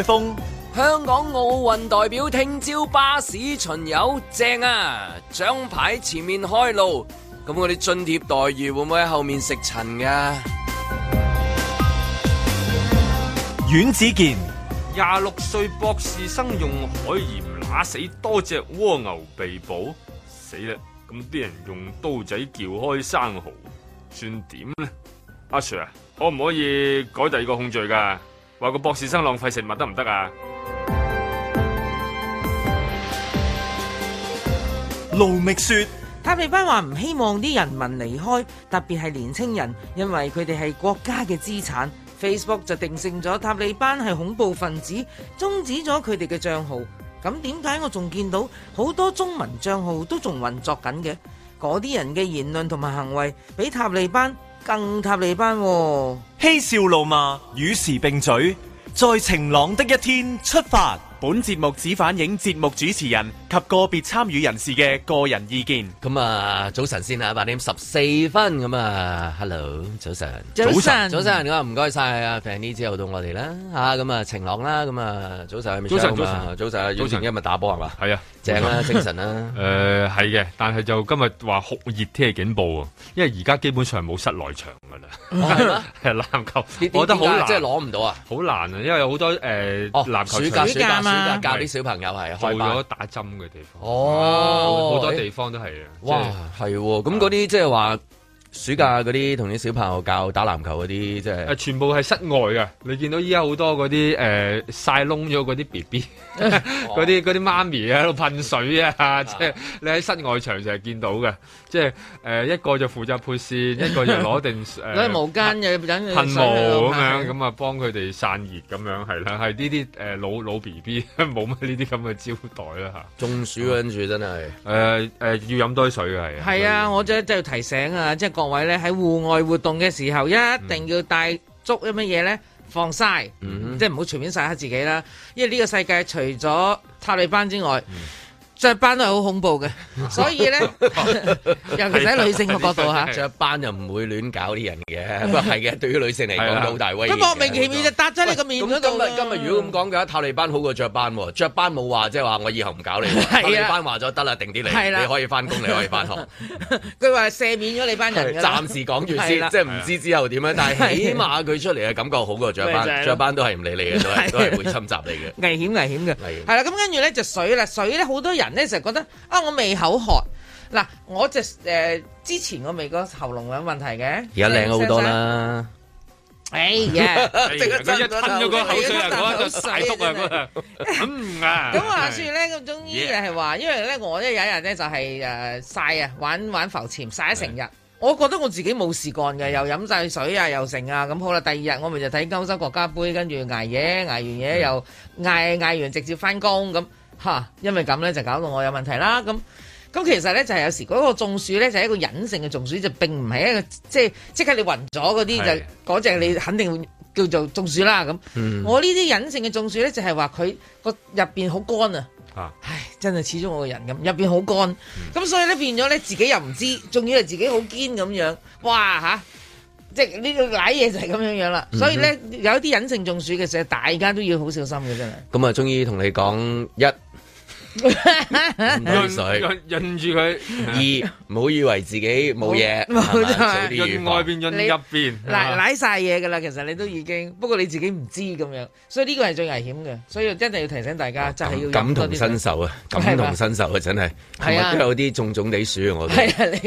海峰，香港奧運代表聽朝巴士巡遊正啊，獎牌前面開路，咁我哋津貼待遇會唔會喺後面食塵噶？阮子健，廿六歲博士生用海鹽揦死多隻蝸牛被捕，死啦！咁啲人用刀仔撬開生蠔，算點呢？阿 Sir 啊，可唔可以改第二個控罪噶？話個博士生浪費食物得唔得啊？盧覓雪，塔利班話唔希望啲人民離開，特別係年青人，因為佢哋係國家嘅資產。Facebook 就定性咗塔利班係恐怖分子，終止咗佢哋嘅賬號。咁點解我仲見到好多中文賬號都仲運作緊嘅？嗰啲人嘅言論同埋行為，比塔利班。更塔利班啊，嬉笑怒罵，與時並舉，在晴朗的一天出發。本節目只反映節目主持人及個別參與人士嘅個人意見。咁啊，早晨先啦，八點十四分咁啊，Hello，早晨，早晨，早晨，唔該晒啊，Fanny 之後到我哋啦，吓咁啊，晴朗啦，咁啊，早晨早晨，早晨，早晨，早晨，今日打波係嘛？係啊，正啦，精神啦。誒，係嘅，但係就今日話酷熱天氣警報啊，因為而家基本上冇室內場噶啦，係籃球，我覺得好難，即係攞唔到啊，好難啊，因為有好多誒籃球教啲小朋友係做咗打針嘅地方，哦，好多地方都係啊，欸、即係哇，係喎，咁嗰啲即係話。暑假嗰啲同啲小朋友教打籃球嗰啲，即係，啊，全部係室外嘅。你見到依家好多嗰啲誒曬燶咗嗰啲 B B，嗰啲嗰啲媽咪喺度噴水啊！即係你喺室外場成日見到嘅，即係誒一個就負責配線，一個就攞定攞毛巾嘅，噴霧咁樣咁啊，幫佢哋散熱咁樣係啦。係呢啲誒老老 B B 冇乜呢啲咁嘅招待啦嚇。中暑跟住真係誒誒要飲多啲水嘅係。係啊，我即係即係提醒啊，即係。各位咧喺戶外活動嘅時候，一定要帶足一乜嘢咧？防曬、mm，hmm. 即係唔好隨便曬黑自己啦。因為呢個世界除咗塔利班之外。Mm hmm. 雀斑都係好恐怖嘅。所以咧，尤其喺女性嘅角度吓，雀斑就唔會亂搞啲人嘅，係嘅，對於女性嚟講好大威力。咁莫名其妙就打咗你個面咁。咁今日如果咁講嘅話，塔利班好過雀斑，雀斑冇話，即係話我以後唔搞你。塔利班話咗得啦，定啲嚟，你可以翻工，你可以翻學。佢話赦免咗你班人嘅。暫時講住先，即係唔知之後點樣，但係起碼佢出嚟嘅感覺好過雀斑，雀斑都係唔理你嘅，都係會侵襲你嘅。危險危險嘅，係啦，咁跟住咧就水啦，水咧好多人。咧就覺得啊，我未口渴嗱，我就誒之前我未個喉嚨有問題嘅，而家靚好多啦。哎呀，而家吞咗個口水啊，個大毒啊。咁啊，咁話說咧，個中醫就係話，因為咧我咧有一日咧就係誒曬啊，玩玩浮潛曬咗成日，我覺得我自己冇事乾嘅，又飲晒水啊，又剩啊，咁好啦。第二日我咪就睇歐洲國家杯，跟住捱夜，捱完夜又嗌嗌完，直接翻工。咁。吓，因為咁咧就搞到我有問題啦。咁，咁其實咧就係有時嗰個中暑咧就係一個隱性嘅中暑，就並唔係一個即係即刻你暈咗嗰啲就嗰隻你肯定會叫做中暑啦。咁、嗯、我呢啲隱性嘅中暑咧就係話佢個入邊好乾啊。唉，真係始終我個人咁入邊好乾，咁、嗯、所以咧變咗咧自己又唔知道，仲以為自己好堅咁樣。哇吓，即係呢個瀨嘢就係咁樣樣啦。嗯、哼所以咧有啲隱性中暑嘅時候，大家都要好小心嘅，真係。咁啊，終於同你講一，潤水，潤住佢。二，唔好以為自己冇嘢，外邊潤入邊，瀨晒嘢噶啦。其實你都已經，不過你自己唔知咁樣，所以呢個係最危險嘅，所以一定要提醒大家，就係要感同身受啊！感同身受啊！真係，係啊，有啲重重地鼠，我都，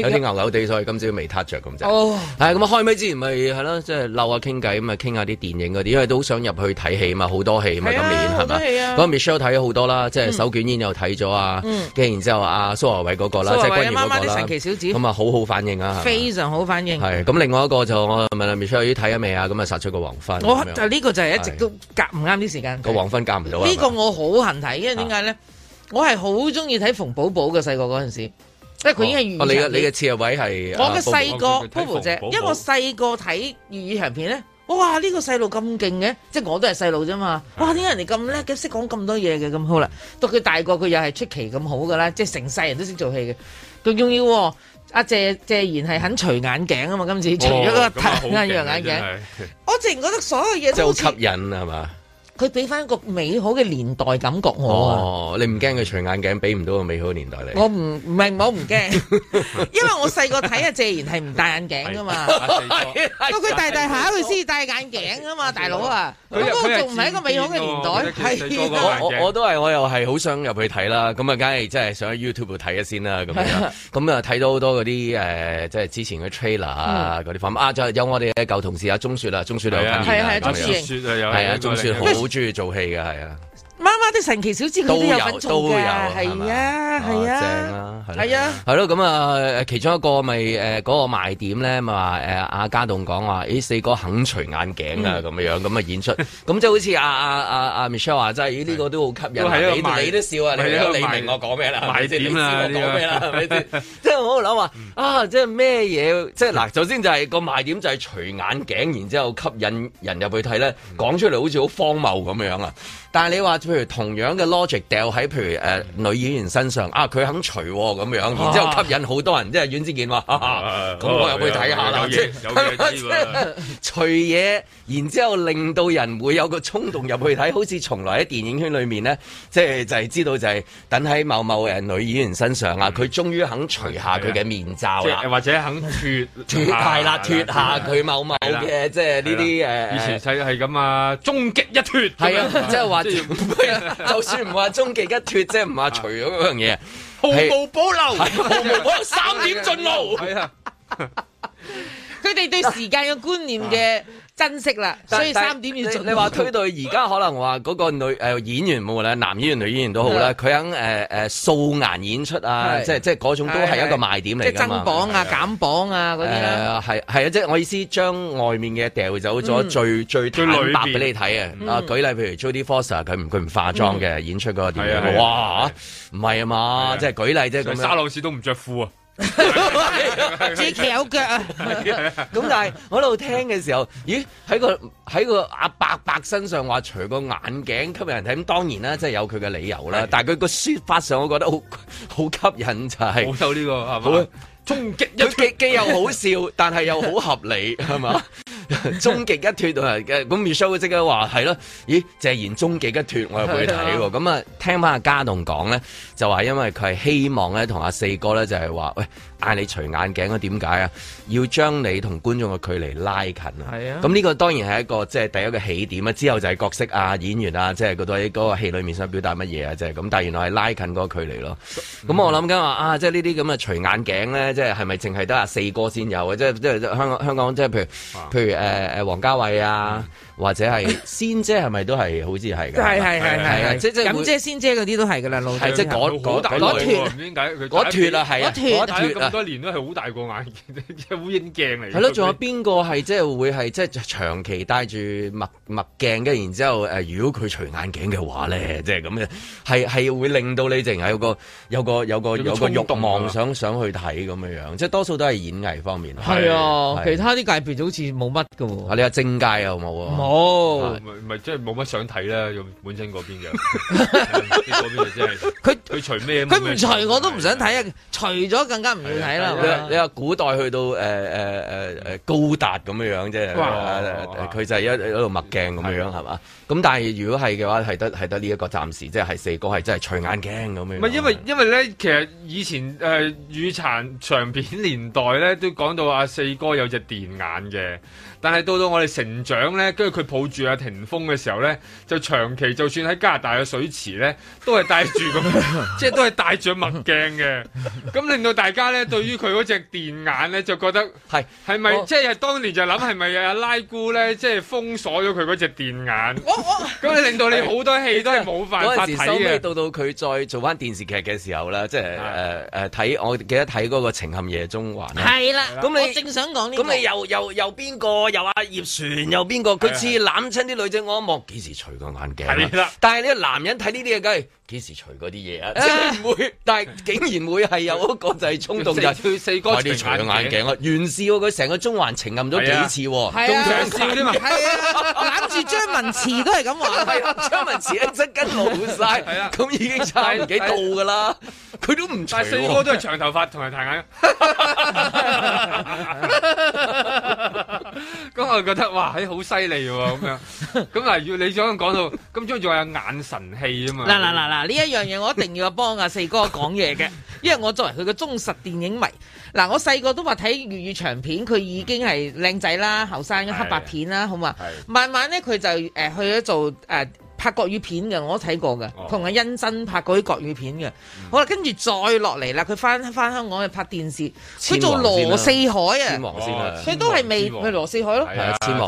有啲牛牛地，所以今朝未撻着咁就。哦，係咁啊！開咪之前咪係咯，即係漏下傾偈咁啊，傾下啲電影嗰啲，因為都想入去睇戲啊嘛，好多戲啊嘛，今年係咪？係啊。Michelle 睇咗好多啦，即係手捲煙又。睇咗啊，跟然之後阿蘇華偉嗰個啦，即係媽媽嘅神奇小子，咁啊好好反應啊，非常好反應。咁，另外一個就我問阿 Michelle 睇咗未啊？咁啊殺出個黃昏，我就呢個就係一直都夾唔啱啲時間。個黃昏夾唔到啊！呢個我好恨睇嘅，點解咧？我係好中意睇馮寶寶嘅細個嗰陣時，即係佢已經粵語。哦，你嘅你嘅次嘅位係我嘅細個，寶寶姐，因為我細個睇粵語長片咧。哇！呢個細路咁勁嘅，即係我都係細路啫嘛。哇！點解人哋咁叻嘅？識講咁多嘢嘅咁好啦。到佢大個，佢又係出奇咁好噶啦。即係成世人都識做戲嘅。更仲要阿謝謝賢係肯除眼鏡啊嘛，今次除咗個太陽眼鏡，我直然覺得所有嘢都好就吸引係嘛。佢俾翻個個美好嘅年代感覺我。你唔驚佢除眼鏡俾唔到個美好嘅年代嚟？我唔唔明，我唔驚，因為我細個睇啊謝賢係唔戴眼鏡噶嘛，不過佢大大下佢先戴眼鏡㗎嘛，大佬啊，咁都仲唔係一個美好嘅年代係。我都係我又係好想入去睇啦，咁啊梗係真係上 YouTube 睇一先啦，咁又咁啊，睇到好多嗰啲即係之前嘅 trailer 啊嗰啲，啊就有我哋舊同事啊鍾雪啦，啊，鍾雪啊有，啊雪好。中意做戲嘅係啊！媽媽的神奇小子都有粉彩嘅，係啊，係啊，正啦，係啊，係咯，咁啊，其中一個咪誒嗰個賣點咧，咪話誒阿嘉棟講話，誒四個肯除眼鏡啊，咁樣咁啊演出，咁即係好似阿阿阿阿 Michelle 話，即係呢個都好吸引你，你都笑啊，你你明我講咩啦？賣點啦，即係我諗話啊，即係咩嘢？即係嗱，首先就係個賣點就係除眼鏡，然之後吸引人入去睇咧，講出嚟好似好荒謬咁樣啊！但係你話，譬如同樣嘅 logic 掉喺譬如誒女演員身上，啊佢肯除咁樣，然之後吸引好多人，即係阮之健話咁、啊啊啊、我入去睇下啦。有有 除嘢，然之後令到人會有個衝動入去睇，好似從來喺電影圈裏面咧，即係就係知道就係、是、等喺某某誒女演員身上啊，佢終於肯除下佢嘅面罩即或者肯脫下脫下啦，脫下佢某某嘅即係呢啲誒以前就係咁啊，終極一脫。係啊， 即係話。 就算唔話終極一脱啫，即係唔話除咗嗰樣嘢，毫無保留， 毫無保留，三點進路。佢哋 對時間嘅觀念嘅。珍惜啦，所以三點要你話推到而家，可能話嗰個女誒演員冇啦，男演員、女演員都好啦，佢肯誒誒素顏演出啊，即係即係嗰種都係一個賣點嚟㗎嘛，即係增磅啊、減磅啊嗰啲啦。係啊，即係我意思，將外面嘅掉走咗，最最最坦白俾你睇啊！啊，舉例譬如 Jody Foster，佢唔佢唔化妝嘅演出嗰個點樣哇！唔係啊嘛，即係舉例即咁沙老師都唔著褲啊。自己企有腳啊！ 咁 但係我喺度聽嘅時候，咦？喺個喺個阿伯伯身上話除個眼鏡，吸引人睇。咁當然啦，即係有佢嘅理由啦。是但係佢個說法上，我覺得好好吸引就係、是，好有呢、這個係咪？衝擊佢既既又好笑，但係又好合理，係嘛？ 終極一脫啊，咁 Michelle 即刻話係咯，咦？謝賢終極一脫我又會睇喎，咁啊、 嗯、聽翻阿嘉棟講咧，就話因為佢係希望咧同阿四哥咧就係話喂。嗌你除眼鏡嘅點解啊？要將你同觀眾嘅距離拉近係啊！咁呢個當然係一個即係、即係、第一個起點啊！之後就係角色啊、演員啊，即係嗰度喺嗰個戲裏面想表達乜嘢啊？即係咁，但原來係拉近嗰個距離咯。咁、嗯、我諗緊話啊，即係呢啲咁嘅除眼鏡咧、嗯，即係係咪淨係得阿四哥先有啊？即係即係香香港即係譬如譬如誒誒、呃、王家衞啊。嗯或者係仙姐係咪都係好似係㗎？係係係係即即咁即係仙姐嗰啲都係㗎啦，老細。係即攞攞攞脱脱啊？係脱咁多年都係好大個眼鏡，即係烏蠅鏡嚟。係咯，仲有邊個係即係會係即係長期戴住墨墨鏡嘅？然之後誒，如果佢除眼鏡嘅話咧，即係咁嘅係係會令到你淨係有個有個有個有個慾望想想去睇咁嘅樣。即係多數都係演藝方面。係啊，其他啲界別好似冇乜㗎喎。啊，你話政界有冇？哦，唔係唔係，即係冇乜想睇啦。本身嗰邊嘅，嗰邊就係佢佢除咩？佢唔除我都唔想睇啊！除咗更加唔會睇啦。你你話古代去到誒誒誒誒高達咁樣樣啫，佢就係一一個墨鏡咁樣樣係嘛？咁但係如果係嘅話，係得係得呢一個暫時，即係四哥係真係除眼鏡咁樣。唔係因為因為咧，其實以前誒雨殘長片年代咧，都講到阿四哥有隻電眼嘅，但係到到我哋成長咧，跟住。佢抱住阿、啊、霆鋒嘅時候咧，就長期就算喺加拿大嘅水池咧，都係戴住咁， 即係都係戴住墨鏡嘅。咁令到大家咧，對於佢嗰隻電眼咧，就覺得係係咪即係當年就諗係咪阿拉姑咧，即、就、係、是、封鎖咗佢嗰隻電眼？咁你咁令到你好多戲都係冇辦法睇嘅。嗰陣時收尾到到佢再做翻電視劇嘅時候啦，即係誒誒睇，我記得睇嗰個情陷夜中環。係啦，咁、啊、你正想講呢？咁你又又又邊個？又阿葉璇又邊個？佢？似攬親啲女仔，我一望幾時除個眼鏡？吧但係呢個男人睇呢啲嘢，梗係幾時除嗰啲嘢啊？唔會，但係竟然會係有一個就係衝動的，就退四哥，快啲除個眼鏡啊？完事喎，佢成個中環情暗咗幾次喎，仲長笑添啊！攬住 張文慈都係咁話，張文慈一積金老晒，咁、啊、已經差唔幾度噶啦，佢、啊、都唔除。但係四哥都係長頭髮同埋戴眼 咁、嗯、我覺得哇，喺好犀利喎，咁、啊、樣，咁嗱，如果你想講到，咁中意仲有眼神戲 啊嘛，嗱嗱嗱嗱，呢、啊啊、一樣嘢我一定要幫阿、啊、四哥講嘢嘅， 因為我作為佢嘅忠實電影迷，嗱、啊、我細個都話睇粵語長片，佢已經係靚仔啦，後生嘅黑白片啦，好嘛， 慢慢咧佢就誒、呃、去咗做誒。呃拍國語片嘅我都睇過嘅，同阿甄珍拍嗰啲國語片嘅，好啦，跟住再落嚟啦，佢翻翻香港去拍電視，佢做羅四海啊，佢都係未去羅四海咯，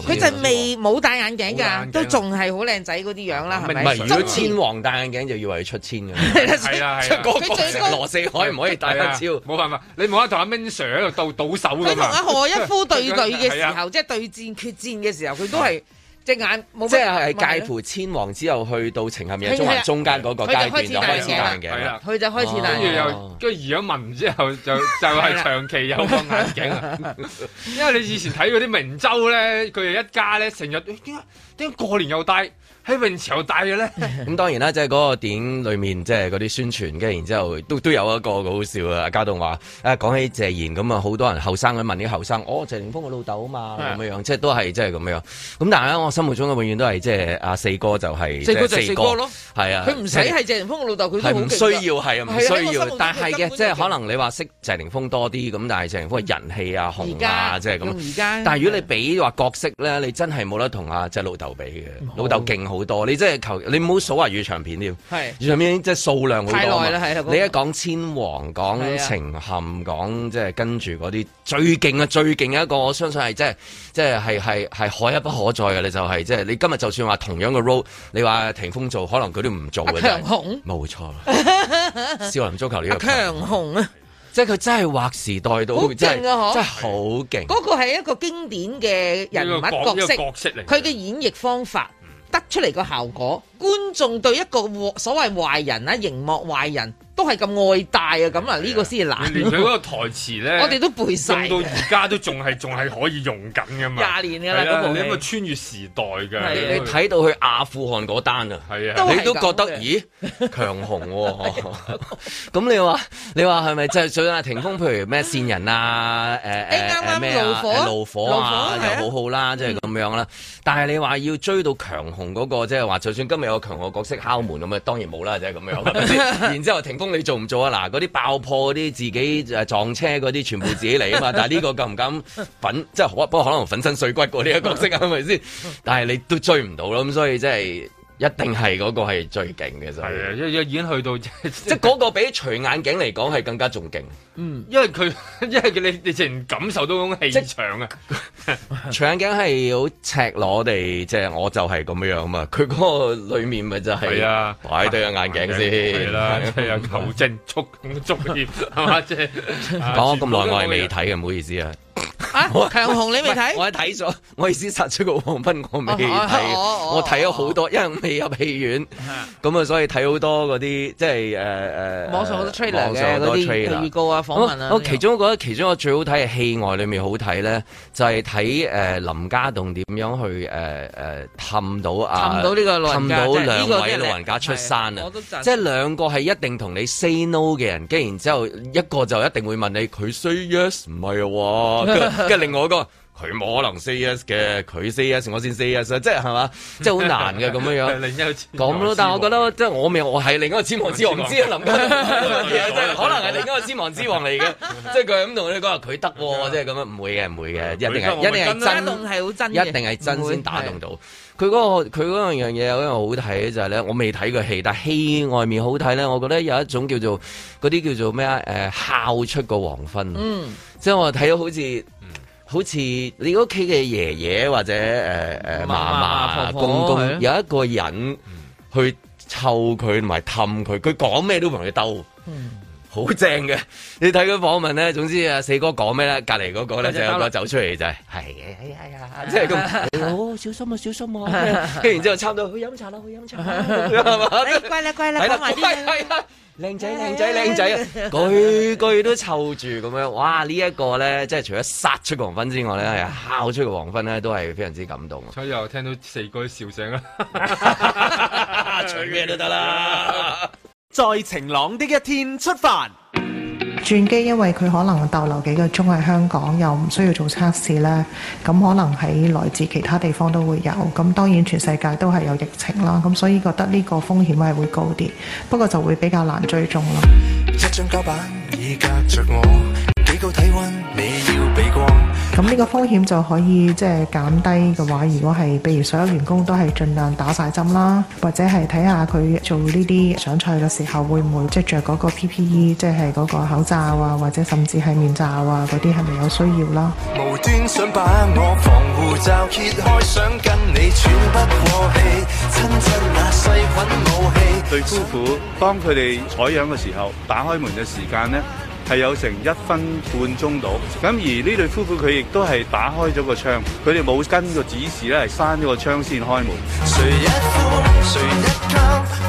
佢就未冇戴眼鏡㗎，都仲係好靚仔嗰啲樣啦，係咪？如果千王戴眼鏡，就以為佢出千㗎，係啊，即係嗰個羅四海唔可以戴眼鏡，冇辦法，你冇得同阿 m i n s i r 喺度倒手㗎嘛，佢同阿何一夫對對嘅時候，即係對戰決戰嘅時候，佢都係。隻眼即係係介乎千王之後，去到程屹嘅中間嗰個階段就開始戴嘅。係啦，佢就開始戴，跟住、哦、又跟住移咗民之後 就就係長期有戴眼鏡， 因為你以前睇嗰啲明州咧，佢哋一家咧成日點解點解過年又戴？喺泳朝大嘅咧，咁當然啦，即係嗰個電影裏面，即係嗰啲宣傳，跟然之後都都有一個好笑啊！家棟話啊，講起謝賢咁啊，好多人後生去問啲後生，哦，謝霆鋒嘅老豆啊嘛咁樣，即係都係即係咁樣。咁但係咧，我心目中嘅永遠都係即係阿四哥就係四哥咯，係啊，佢唔使係謝霆鋒嘅老豆，佢唔需要係啊，唔需要，但係嘅即係可能你話識謝霆鋒多啲咁，但係謝霆鋒嘅人氣啊、紅啊，即係咁。但係如果你比話角色咧，你真係冇得同阿謝老豆比嘅，老豆勁。好多，你即係求你唔好數話粵語長片添，粵長片即係數量好多，你一講千王、講情陷，講即係跟住嗰啲最勁啊，最勁一個，我相信係即係即係系系係可一不可再嘅。你就係即係你今日就算話同樣嘅 role，你話霆鋒做，可能佢都唔做嘅。強雄，冇錯，少林足球呢個強雄啊，即係佢真係劃時代到。真真係好勁。嗰個係一個經典嘅人物角色，嚟。佢嘅演繹方法。得出嚟嘅效果，觀眾對一個所謂壞人啊，熒幕壞人。都係咁愛戴啊！咁啊，呢個先難。連佢嗰個台詞咧，我哋都背曬，到而家都仲係仲係可以用緊㗎嘛。廿年嘅啦，咁啊穿越時代嘅。你睇到去阿富汗嗰單啊，你都覺得咦強雄喎？咁你話你話係咪即係想阿霆鋒？譬如咩線人啊，誒誒咩怒火怒火啊，又好好啦，即係咁樣啦。但係你話要追到強雄嗰個，即係話就算今日有強雄角色敲門咁，當然冇啦，即係咁樣。然之後霆你做唔做啊？嗱，嗰啲爆破啲自己就撞車嗰啲，全部自己嚟啊嘛。但係呢個敢唔敢粉，即係可唔唔可能粉身碎骨過呢個角色啊？係咪先？但係你都追唔到咯，咁所以即係。一定係嗰個係最勁嘅，就係啊！因為已經去到， 即係即嗰個比除眼鏡嚟講係更加仲勁。嗯，因為佢，因為你你前感受到種氣場啊即！除 眼鏡係好赤裸地，即、就、係、是、我就係咁樣樣啊嘛。佢嗰個裏面咪就係、是。係啊，擺對、哦、眼眼鏡先。係啦、啊，啊啊啊、 求正足足業，係嘛？ 即係講咗咁耐，啊、我係未睇嘅，唔好意思啊。啊！我強雄你未睇？我睇咗，我意思殺出個黃昏，我未睇啊。我睇咗好多，因為未入戲院，咁啊的，所以睇好多嗰啲即係誒誒，網上好多 trailer 嘅嗰啲預告啊、訪問啊。我，我其中我覺得其中我最好睇嘅戲外裏面好睇咧，就係睇誒林家棟點樣去誒誒氹到啊，氹到呢個氹到兩位老人家出山啊！即係兩個係一定同你 say no 嘅人，跟然之後一個就一定會問你佢 say yes 唔係啊？跟住另外一個，佢冇可能 say yes 嘅，佢 say yes，我先 say yes，即係係嘛，即係好難嘅咁樣樣講咯。但係我覺得即係我未，我係另一個千王之王，唔知啊林哥，即係可能係另一個千王之王嚟嘅，即係佢咁同你講話佢得喎，即係咁樣唔會嘅，唔會嘅，一定係一定係真，一定係真先打動到。佢嗰佢嗰樣嘢有一樣好睇就係、是、咧，我未睇過戲，但係戲外面好睇咧，我覺得有一種叫做嗰啲叫做咩啊？誒、呃，敲出個黃昏。嗯，即係我睇到好似、嗯、好似你屋企嘅爺爺或者誒誒嫲嫲公公嗎有一個人去湊佢同埋氹佢，佢講咩都同佢鬥。嗯好正嘅，你睇佢訪問咧，總之啊四哥講咩咧，隔離嗰個咧就一走出嚟就係，係啊，哎呀，即係咁，好小心啊，小心啊，跟然之後差唔多去飲茶啦，去飲茶，係嘛，乖啦乖啦，係啦，係啊，靚仔靚仔靚仔，句句都湊住咁樣，哇呢一個咧，即係除咗殺出個黃昏之外咧，係敲出個黃昏咧，都係非常之感動。所以又聽到四哥笑醒啦，取咩都得啦。在晴朗的一天出發，轉機因為佢可能逗留幾個鐘喺香港，又唔需要做測試呢，咁可能喺來自其他地方都會有，咁當然全世界都係有疫情啦，咁所以覺得呢個風險係會高啲，不過就會比較難追蹤啦。一張膠板已隔着我，幾高體溫你要。咁呢個風險就可以即係減低嘅話，如果係，譬如所有員工都係盡量打晒針啦，或者係睇下佢做呢啲上菜嘅時候會唔會即係著嗰個 P P E，即係嗰個口罩啊，或者甚至係面罩啊嗰啲係咪有需要啦？無端想把我防護罩揭開，想跟你喘不過氣，親親那細菌武器。對夫婦當佢哋採樣嘅時候，打開門嘅時間呢。係有成一分半鐘度，咁而呢對夫婦佢亦都係打開咗個窗，佢哋冇跟個指示咧，係閂咗個窗先開門。誰一呼誰一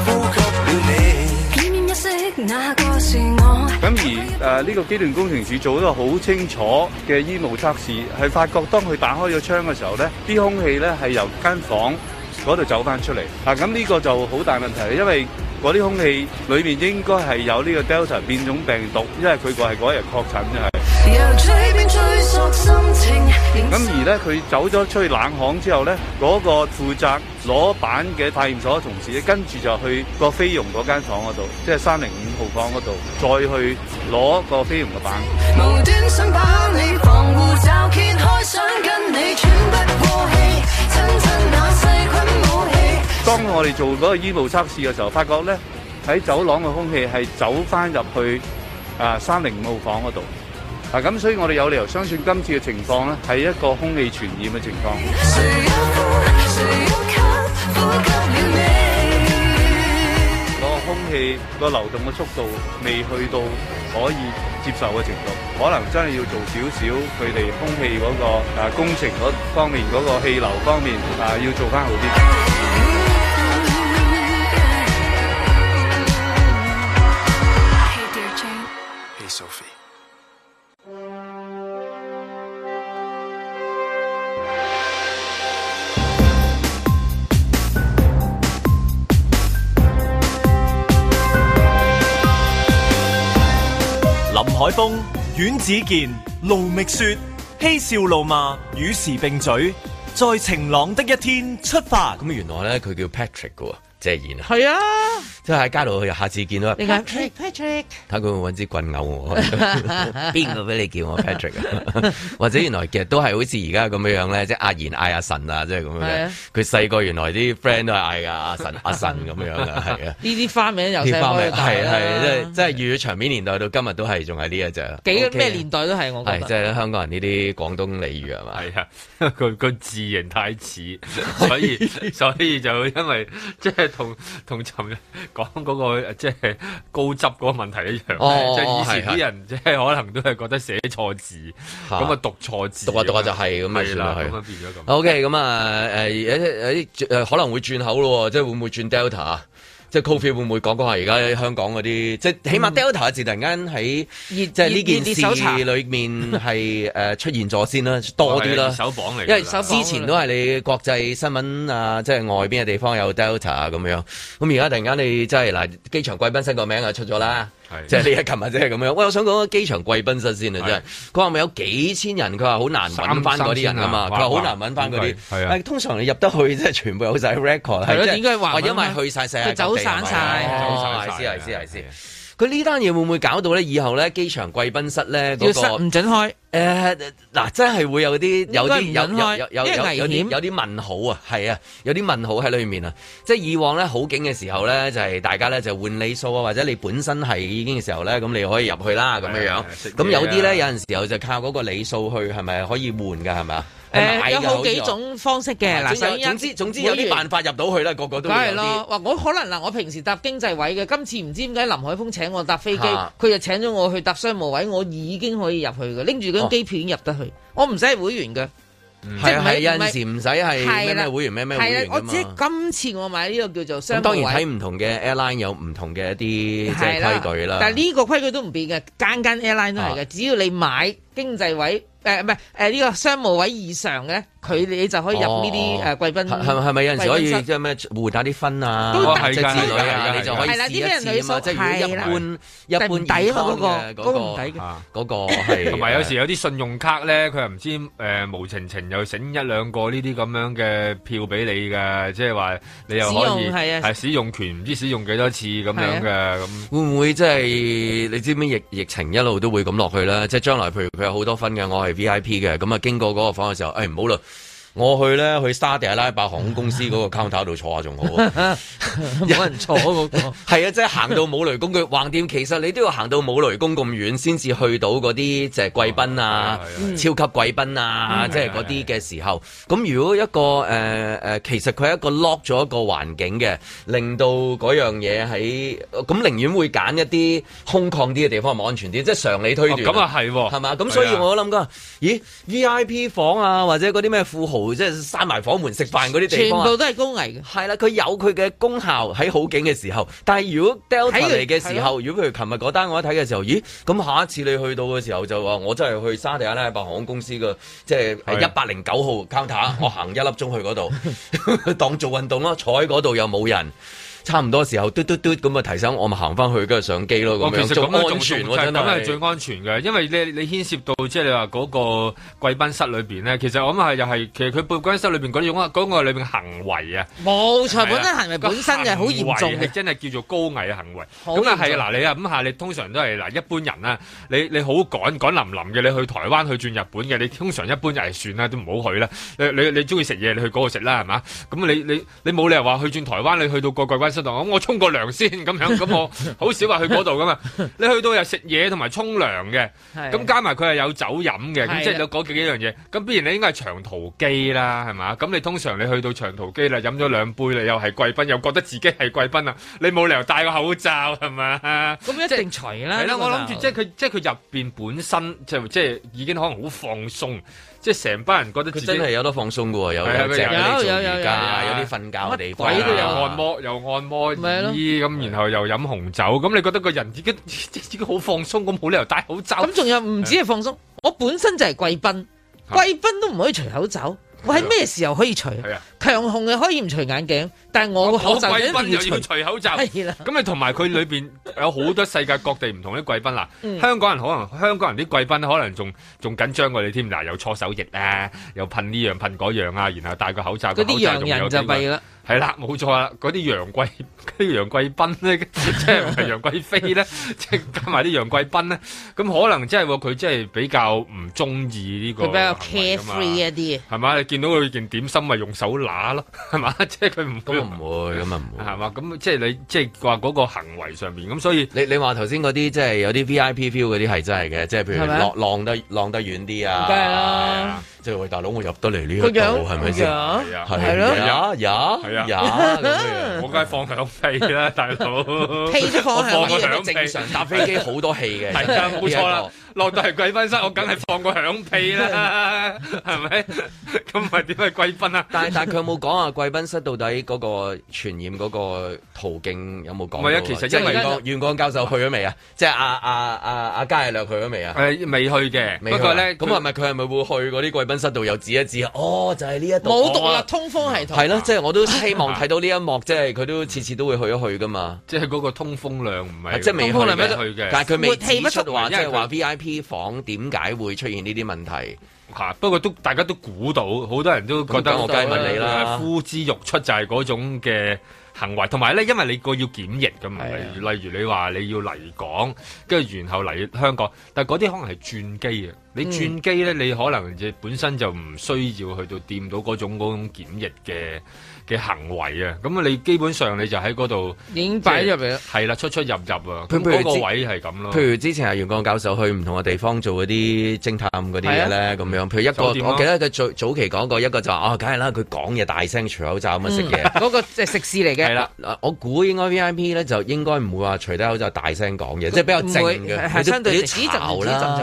呼吸了你？面一色，哪個是我？咁而呢個機電工程署做咗個好清楚嘅煙霧測試，係發覺當佢打開咗窗嘅時候咧，啲空氣咧係由間房嗰度走翻出嚟。啊，咁呢個就好大問題，因為。嗰啲空氣裏面應該係有呢個 Delta 變種病毒，因為佢個係嗰日確診，真係。咁而咧，佢走咗出去冷巷之後咧，嗰個負責攞板嘅化驗所同事咧，跟住就去個菲傭嗰間房嗰度，即係三零五號房嗰度，再去攞個菲傭嘅板。無當我哋做嗰個煙霧測試嘅時候，發覺咧，喺走廊嘅空氣係走翻入去啊，三零五號房嗰度。咁、啊，所以我哋有理由相信今次嘅情況咧，係一個空氣傳染嘅情況。有有靠靠你個空氣個流動嘅速度未去到可以接受嘅程度，可能真係要做少少佢哋空氣嗰、嗰個啊工程嗰方面嗰、嗰個氣流方面啊，要做翻好啲。風阮子健盧覓雪嬉笑怒罵與時並嘴，在晴朗的一天出發。咁原來咧，佢叫 Patrick 噶。謝賢啊，係啊，即係喺街度，下次見到你講 Patrick，睇佢會揾支棍拗我，邊個俾你叫我 Patrick 啊？或者原來其實都係好似而家咁樣樣咧，即係阿賢嗌阿神啊，即係咁樣。佢細個原來啲 friend 都係嗌噶阿神阿神咁樣噶，係啊。呢啲花名由細開大，係即係即係粵語長片年代到今日都係仲係呢一隻。幾咩年代都係我覺得。係即係香港人呢啲廣東俚語係嘛？係啊，個個字形太似，所以所以就因為即係。同同尋日講嗰個即係、就是、高執嗰個問題一樣，哦哦、即係以前啲人即係是是 可能都係覺得寫錯字，咁是啊讀錯字讀，讀下讀下就係咁啊算啦，咁了的變咗咁。O K，咁啊誒誒誒，可能會轉口咯，即係會唔會轉 Delta？即 Covid 會唔會講講下而家香港嗰啲，即係起碼 Delta 字突然間喺、嗯、即係呢件事裏面係、呃、出現咗先啦，多啲啦。手因為手榜嚟，因為之前都係你國際新聞啊，即係外邊嘅地方有 Delta 咁樣，咁而家突然間你即係嗱機場貴賓室個名啊出咗啦。即係呢一琴日即係咁樣，我我想講個機場貴賓室先啊，真係佢話咪有幾千人，佢話好難搵翻嗰啲人㗎嘛，佢話好難搵翻嗰啲。係啊，通常你入得去即係全部有晒 record。係咯的，點解話，就是、為因為去晒成日。佢走散晒。走散曬。思，係知係知。佢呢單嘢會唔會搞到咧？以後咧機場貴賓室咧嗰、那個唔准開。誒嗱、呃，真係會有啲有啲有有有有有啲有啲問號啊！係啊，有啲問號喺裏面啊！即係以往咧好景嘅時候咧，就係、是、大家咧就換里數啊，或者你本身係已經嘅時候咧，咁你可以入去啦咁樣、啊啊、樣。咁、嗯啊、有啲咧有陣時候就靠嗰個里數去係咪可以換㗎？係咪啊？誒，有好幾種方式嘅嗱，總之總之有啲辦法入到去啦，個個都係咯。哇，我可能嗱，我平時搭經濟位嘅，今次唔知點解林海峰請我搭飛機，佢就請咗我去搭商務位，我已經可以入去嘅，拎住張機票已經入得去，我唔使係會員嘅，即係唔係唔使係咩會員咩咩會員，我即係今次我買呢個叫做商務。咁當然睇唔同嘅 airline 有唔同嘅一啲即係規矩啦。但係呢個規矩都唔變嘅，間間 airline 都係嘅，只要你買經濟位。誒，唔係呢個商務位以上呢，佢你就可以入呢啲誒貴賓。係咪有陣時可以即係咩換下啲分啊？都係嘅，你就可以試一試啊啲人，係如果一半入半抵嘅嗰個嗰抵嘅嗰係。同埋有時有啲信用卡咧，佢又唔知誒無情情又整一兩個呢啲咁樣嘅票俾你嘅，即係話你又可以係使用權，唔知使用幾多次咁樣嘅咁。會唔會即係你知唔知疫疫情一路都會咁落去啦？即係將來譬如佢有好多分嘅，我係 V.I.P 嘅咁啊，經過嗰個房嘅時候，誒、哎、唔好啦。我去咧去沙特阿拉伯航空公司個 counter 度坐下仲好，冇 人坐嗰個。係 啊，即係行到冇雷公，佢橫掂其實你都要行到冇雷公咁遠先至去到嗰啲，即係貴賓啊、哦、超級貴賓啊，即係嗰啲嘅時候。咁如果一個誒誒、呃、其實佢係一個 lock 咗一個環境嘅，令到嗰樣嘢喺咁，寧願會揀一啲空曠啲嘅地方，係咪安全啲，即係常理推斷咁、哦、啊係喎，係嘛？咁所以對我諗緊，咦，V I P 房啊，或者嗰啲咩富豪。即係閂埋房門食飯嗰啲地方啊，全都係高危嘅。係啦，佢有佢嘅功效喺好景嘅時候，但係如果 Delta 嚟嘅時候，如果佢琴日嗰單我一睇嘅時候，咦？咁下一次你去到嘅時候就話，我真係去沙地阿拉伯航空公司嘅，即係係一百零九號 counter，我行一粒鐘去嗰度， 當做運動咯，坐喺嗰度又冇人。差唔多時候嘟嘟嘟咁啊！叮叮叮提醒我咪行翻去跟住上機咯。哦，其實咁樣仲安全，真係咁係最安全嘅。因為你你牽涉到即係你話嗰個貴賓室裏邊咧，其實我諗係又係其實佢貴賓室裏邊嗰種啊嗰個裏邊嘅行為啊，冇錯，本身行為本身係好嚴重，係真係叫做高危嘅行為。咁啊係嗱，你啊咁下，你通常都係嗱一般人啊。你你好趕趕臨臨嘅，你去台灣去轉日本嘅，你通常一般就係算啦，都唔好去啦。你你你中意食嘢，你去嗰個食啦，係嘛？咁你你你冇理由話去轉台灣，你去到個貴賓。就同我，我沖個涼先咁樣，咁我好少話去嗰度噶嘛。你去到又食嘢同埋沖涼嘅，咁 加埋佢係有酒飲嘅，咁的即係有嗰幾樣嘢。咁必然你應該係長途機啦，係咪？咁你通常你去到長途機啦，飲咗兩杯，你又係貴賓，又覺得自己係貴賓啊！你冇理由戴個口罩係咪？咁 即一定除啦。係啦的，我諗住即係佢，即係佢入邊本身就即係已經可能好放鬆。即係成班人覺得自己真係有得放鬆嘅喎，有有有有啲瞓覺嘅地方，鬼都有按摩又按摩，椅咁、啊，然後又飲紅酒，咁你覺得個人已經即自己好放鬆，咁冇理由戴口罩。咁仲有唔止係放鬆，我本身就係貴賓，貴賓都唔可以除口罩。我喺咩時候可以除啊？強控嘅可以唔除眼鏡，但係我嘅口罩一定要除。除、口罩，咁咪同埋佢裏邊有好多世界各地唔同啲貴賓啦。嗯、香港人可能香港人啲貴賓可能仲仲緊張過你添，嗱，又搓手液啊，又噴呢、這、樣、個、噴嗰樣啊，然後戴個口罩，嗰啲洋、這個、洋人就弊啦。係啦，冇錯啦，嗰啲楊貴，嗰啲楊貴賓咧，即係唔係楊貴妃咧，即係 加埋啲楊貴賓咧，咁可能即係佢即係比較唔中意呢個。佢比較 carefree 一啲，係嘛？你見到佢件點心咪用手拿咯，係嘛？即係佢唔會。都唔會，咁啊唔會。係嘛？咁即係你，即係話嗰個行為上面，咁所以你你話頭先嗰啲，即係有啲 VIP feel 嗰啲係真係嘅，即係譬如浪浪吧得浪得遠啲啊。梗係啦。即大佬，我入得嚟呢個道係咪先？係咯，有啊，係啊，我梗係放響屁啦，大佬。放正常搭飛機好多氣嘅，冇錯啦。落到係貴賓室，我梗係放個響屁啦，係咪？咁咪點係貴賓啊？但係但佢冇講啊，貴賓室到底嗰個傳染嗰個途徑有冇講？唔係啊，其實因為袁光教授去咗未啊？即係阿阿阿阿嘉亮去咗未啊？未去嘅，不過咧咁係咪佢係咪會去嗰啲貴賓室度又指一指哦，就係呢一度冇獨立通風系統。係咯，即係我都希望睇到呢一幕，即係佢都次次都會去一去噶嘛。即係嗰個通風量唔係，即係未去咪嘅？但係佢未指出話即係話 V I P。啲房點解會出現呢啲問題？嚇、啊！不過都大家都估到，好多人都覺得我梗係問你啦。呼之欲出就係嗰種嘅行為，同埋咧，因為你個要檢疫㗎，唔係的例如你話你要嚟港，跟住然後嚟香港，但係嗰啲可能係轉機啊！你轉機咧，你可能就本身就唔需要去到掂到嗰種嗰種檢疫嘅。嘅行為啊，咁你基本上你就喺嗰度影擺入嚟，係啦，出出入入啊，佢嗰個位係咁咯。譬如之前阿袁光教授去唔同嘅地方做嗰啲偵探嗰啲嘢咧，咁樣。譬如一個，我記得佢早期講過一個就話哦，梗係啦，佢講嘢大聲除口罩咁樣食嘢。嗰個即係食肆嚟嘅。係啦，我估應該 V I P 咧，就應該唔會話除低口罩大聲講嘢，即係比較靜嘅。係相對靜。嘅啫。啦，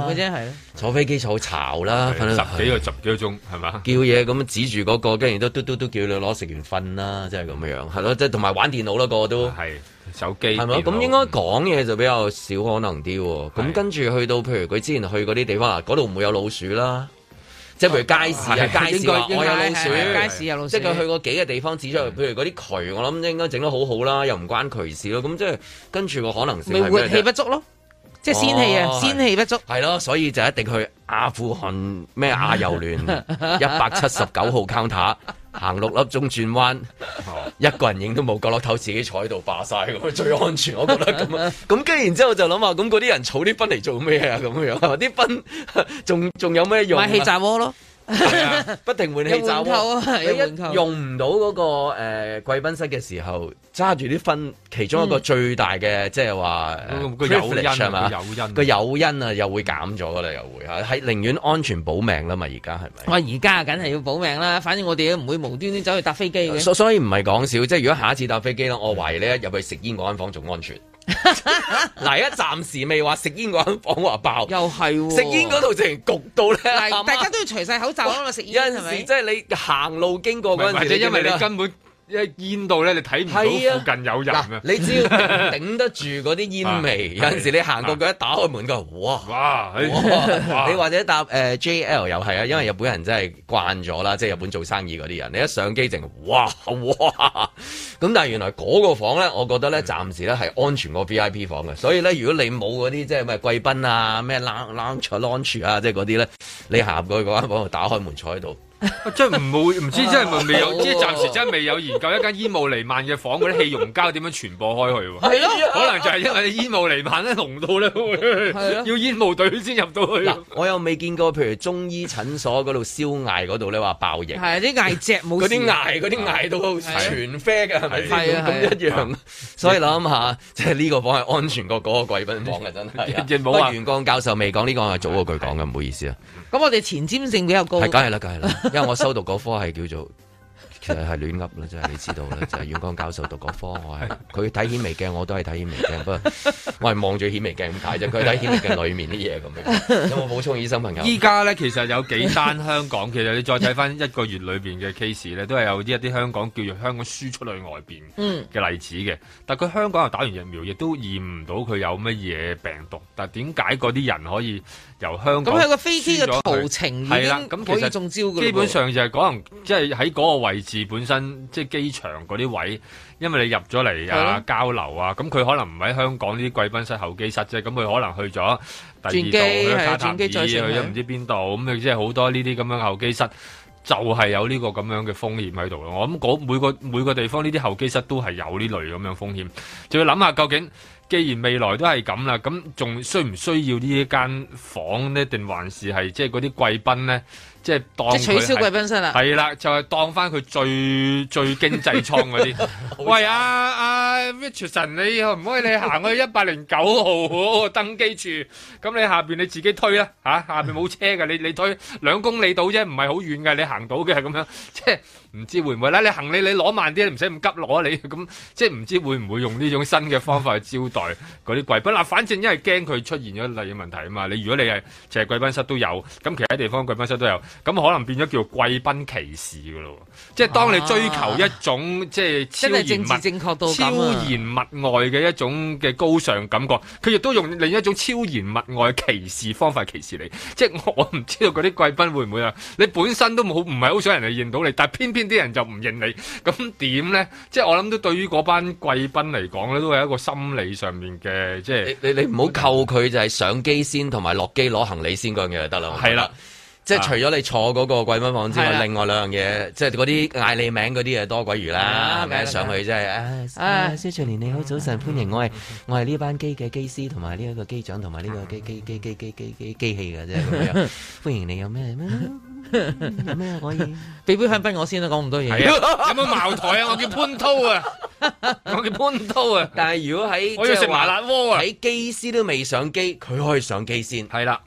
坐飛機坐嘈啦，十幾個十幾個鐘係嘛？叫嘢咁指住嗰個，跟住都嘟嘟嘟叫你攞食完。瞓啦，即係咁樣樣，係咯，即係同埋玩電腦咯，個個都係手機，係咪？咁應該講嘢就比較少可能啲。咁跟住去到，譬如佢之前去嗰啲地方啊，嗰度唔會有老鼠啦。即係譬如街市啊，街市有老鼠，街市有老鼠。即係佢去過幾個地方，指出，譬如嗰啲渠，我諗應該整得好好啦，又唔關渠事咯。咁即係跟住個可能性係咩咧？氣不足咯，即係仙氣啊，仙氣不足係咯，所以就一定去阿富汗咩阿游聯一百七十九號 counter 行六粒鐘轉彎， 一個人影都冇，角落頭自己坐喺度霸晒咁，最安全，我覺得咁啊。咁跟然之後就諗話，咁嗰啲人儲啲分嚟做咩啊？咁樣，啲分仲仲有咩用？買氣炸鍋咯。 不停換氣罩用唔到嗰個誒貴賓室嘅時候，揸住啲分其中一個最大嘅即係話個誘因係嘛？誘吧因個誘因啊，又會減咗噶啦，又會係寧願安全保命啦嘛？而家係咪？我而家梗係要保命啦，反正我哋都唔會無端端走去搭飛機嘅。所所以唔係講笑，即係如果下一次搭飛機咧，我懷疑你入去食煙嗰間房仲安全。嗱，一 暫時未話食煙嗰間房話爆又、喔，又係喎，食煙嗰度直情焗到咧。嗱，大家都要除晒口罩咯，食喂煙係咪？即係你行路經過嗰陣時，或者因為你根本。 一煙到咧，你睇唔到啊，近有人、啊啊、 你只要頂得住嗰啲煙味， 有陣時你行過佢一打開門佢，哇！哇！哇哇你或者搭 JL 又係啊，因為日本人真係慣咗啦，即、就、係、是、日本做生意嗰啲人，你一上機淨，哇哇！咁但係原來嗰個房咧，我覺得咧暫時咧係安全過 V I P 房嘅，所以咧如果你冇嗰啲即係咩貴賓啊、咩 lounge、啊、lounge 啊，即係嗰啲咧，你行過去嗰間房打開門坐喺度。即係唔會，唔知即係未有，即係暫時真係未有研究一間煙霧彌漫嘅房嗰啲氣溶膠點樣傳播開去喎？係咯，可能就係因為煙霧彌漫咧濃到咧，要煙霧隊先入到去。我又未見過，譬如中醫診所嗰度燒艾嗰度咧話爆疫，係啊，啲艾只冇。嗰啲艾，嗰啲艾都全啡㗎，係啊，咁一樣。所以諗下，即係呢個房係安全過嗰個貴賓房嘅，真係。阿袁剛教授未講呢個，係早嗰句講嘅，唔好意思啊。咁我哋前瞻性比較高，係梗係啦，梗係啦，因為我修讀嗰科係叫做。其實係亂噏啦，真、就、係、是、你知道啦。就係、是、遠江教授讀過科，我係佢睇顯微鏡，我都係睇顯微鏡，不過我係望住顯微鏡咁睇啫。佢睇顯微鏡裏面啲嘢咁樣。有冇補充，醫生朋友？依家咧，其實有幾單香港， 其實你再睇翻一個月裏邊嘅 case 咧，都係有啲一啲香港叫做香港輸出去外邊嘅例子嘅。嗯、但係佢香港又打完疫苗，亦都驗唔到佢有乜嘢病毒。但係點解嗰啲人可以由香港輸咗佢？係啦、嗯，咁、嗯、其實基本上就係可能即係喺嗰個位置。本身即係機場嗰啲位，因為你入咗嚟啊、嗯、交流啊，咁佢可能唔喺香港呢啲貴賓室候機室啫，咁佢可能去咗第二度，轉機去咗卡塔爾、唔知邊度，咁係、嗯、即係好多呢啲咁樣候機室，就係、係、有呢個咁樣嘅風險喺度咯。我諗每個每個地方呢啲候機室都係有呢類咁樣風險，就要諗下究竟，既然未來都係咁啦，咁仲需唔需要呢間房呢？定還是係即係嗰啲貴賓呢？即係當即取消貴賓室，係啦，就係、係、當翻佢最最經濟艙嗰啲。 喂啊，阿、啊、Richardson 你唔可以你行去一百零九號 登機處，咁你下面你自己推啦嚇、啊，下面冇車㗎。你你推兩公里到啫，唔係好遠㗎。你行到嘅咁樣，即係唔知會唔會咧？你行李你攞慢啲，你唔使咁急攞你咁，即係唔知會唔會用呢種新嘅方法去招待嗰啲貴賓嗱？ 反正因為驚佢出現咗例嘅問題啊嘛！你如果你淨係貴賓室都有，咁其他地方貴賓室都有，咁可能變咗叫做貴賓歧視噶咯？即係當你追求一種即係超然物、啊、政治正確超然物外嘅一種嘅高尚感覺，佢亦、啊、都用另一種超然物外嘅歧視方法歧視你。即係我唔知道嗰啲貴賓會唔會啊？你本身都唔係好想人哋認到你，但係偏偏。啲人就唔認你，咁點咧？即係我諗都對於嗰班貴賓嚟講咧，都係一個心理上面嘅，即係你你唔好扣佢就係上機先，同埋落機攞行李先嗰樣嘢就得啦。係啦了，即係吧除咗你坐嗰個貴賓房之外，了另外兩樣嘢，即係嗰啲嗌你名嗰啲嘢多鬼餘啦，上去即係啊啊，蕭卓年你好，早晨歡迎我係我係呢班機嘅機師同埋呢一個機長同埋呢個機機機機機機機器嘅，即係 歡迎你有咩？咩可以？俾杯香檳我先啦，講咁多嘢。有冇茅台啊？我叫潘濤啊，我叫潘濤啊。但係如果喺我要食麻辣鍋啊，喺機師都未上機，佢可以上機先。係啦，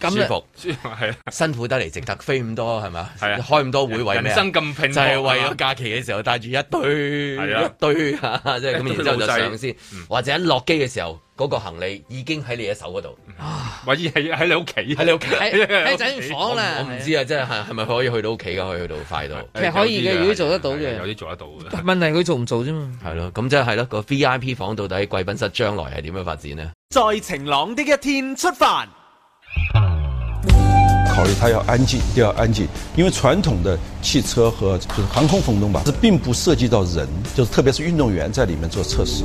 咁舒服，舒服係辛苦得嚟值得飛咁多係咪？啊，開咁多會為咩？人生咁拼就係為咗假期嘅時候帶住一堆，一堆即係咁，然之後就上先，或者落機嘅時候。嗰個行李已經喺你嘅手嗰度，或者喺喺你屋企，喺你屋企喺酒店房啦。我唔知啊，即係係咪可以去到屋企噶？可以去到快到？ 其實可以嘅，如果做得到嘅。有啲做得到嘅。的到的問題佢做唔做啫嘛？係咯，咁即係咯，個 VIP 房到底貴賓室將來係點樣發展呢？在晴朗的一天出發。考慮他要安靜，一定要安靜，因為傳統的汽車和就是航空風洞吧，是並不涉及到人，就是特別是運動員在裡面做測試。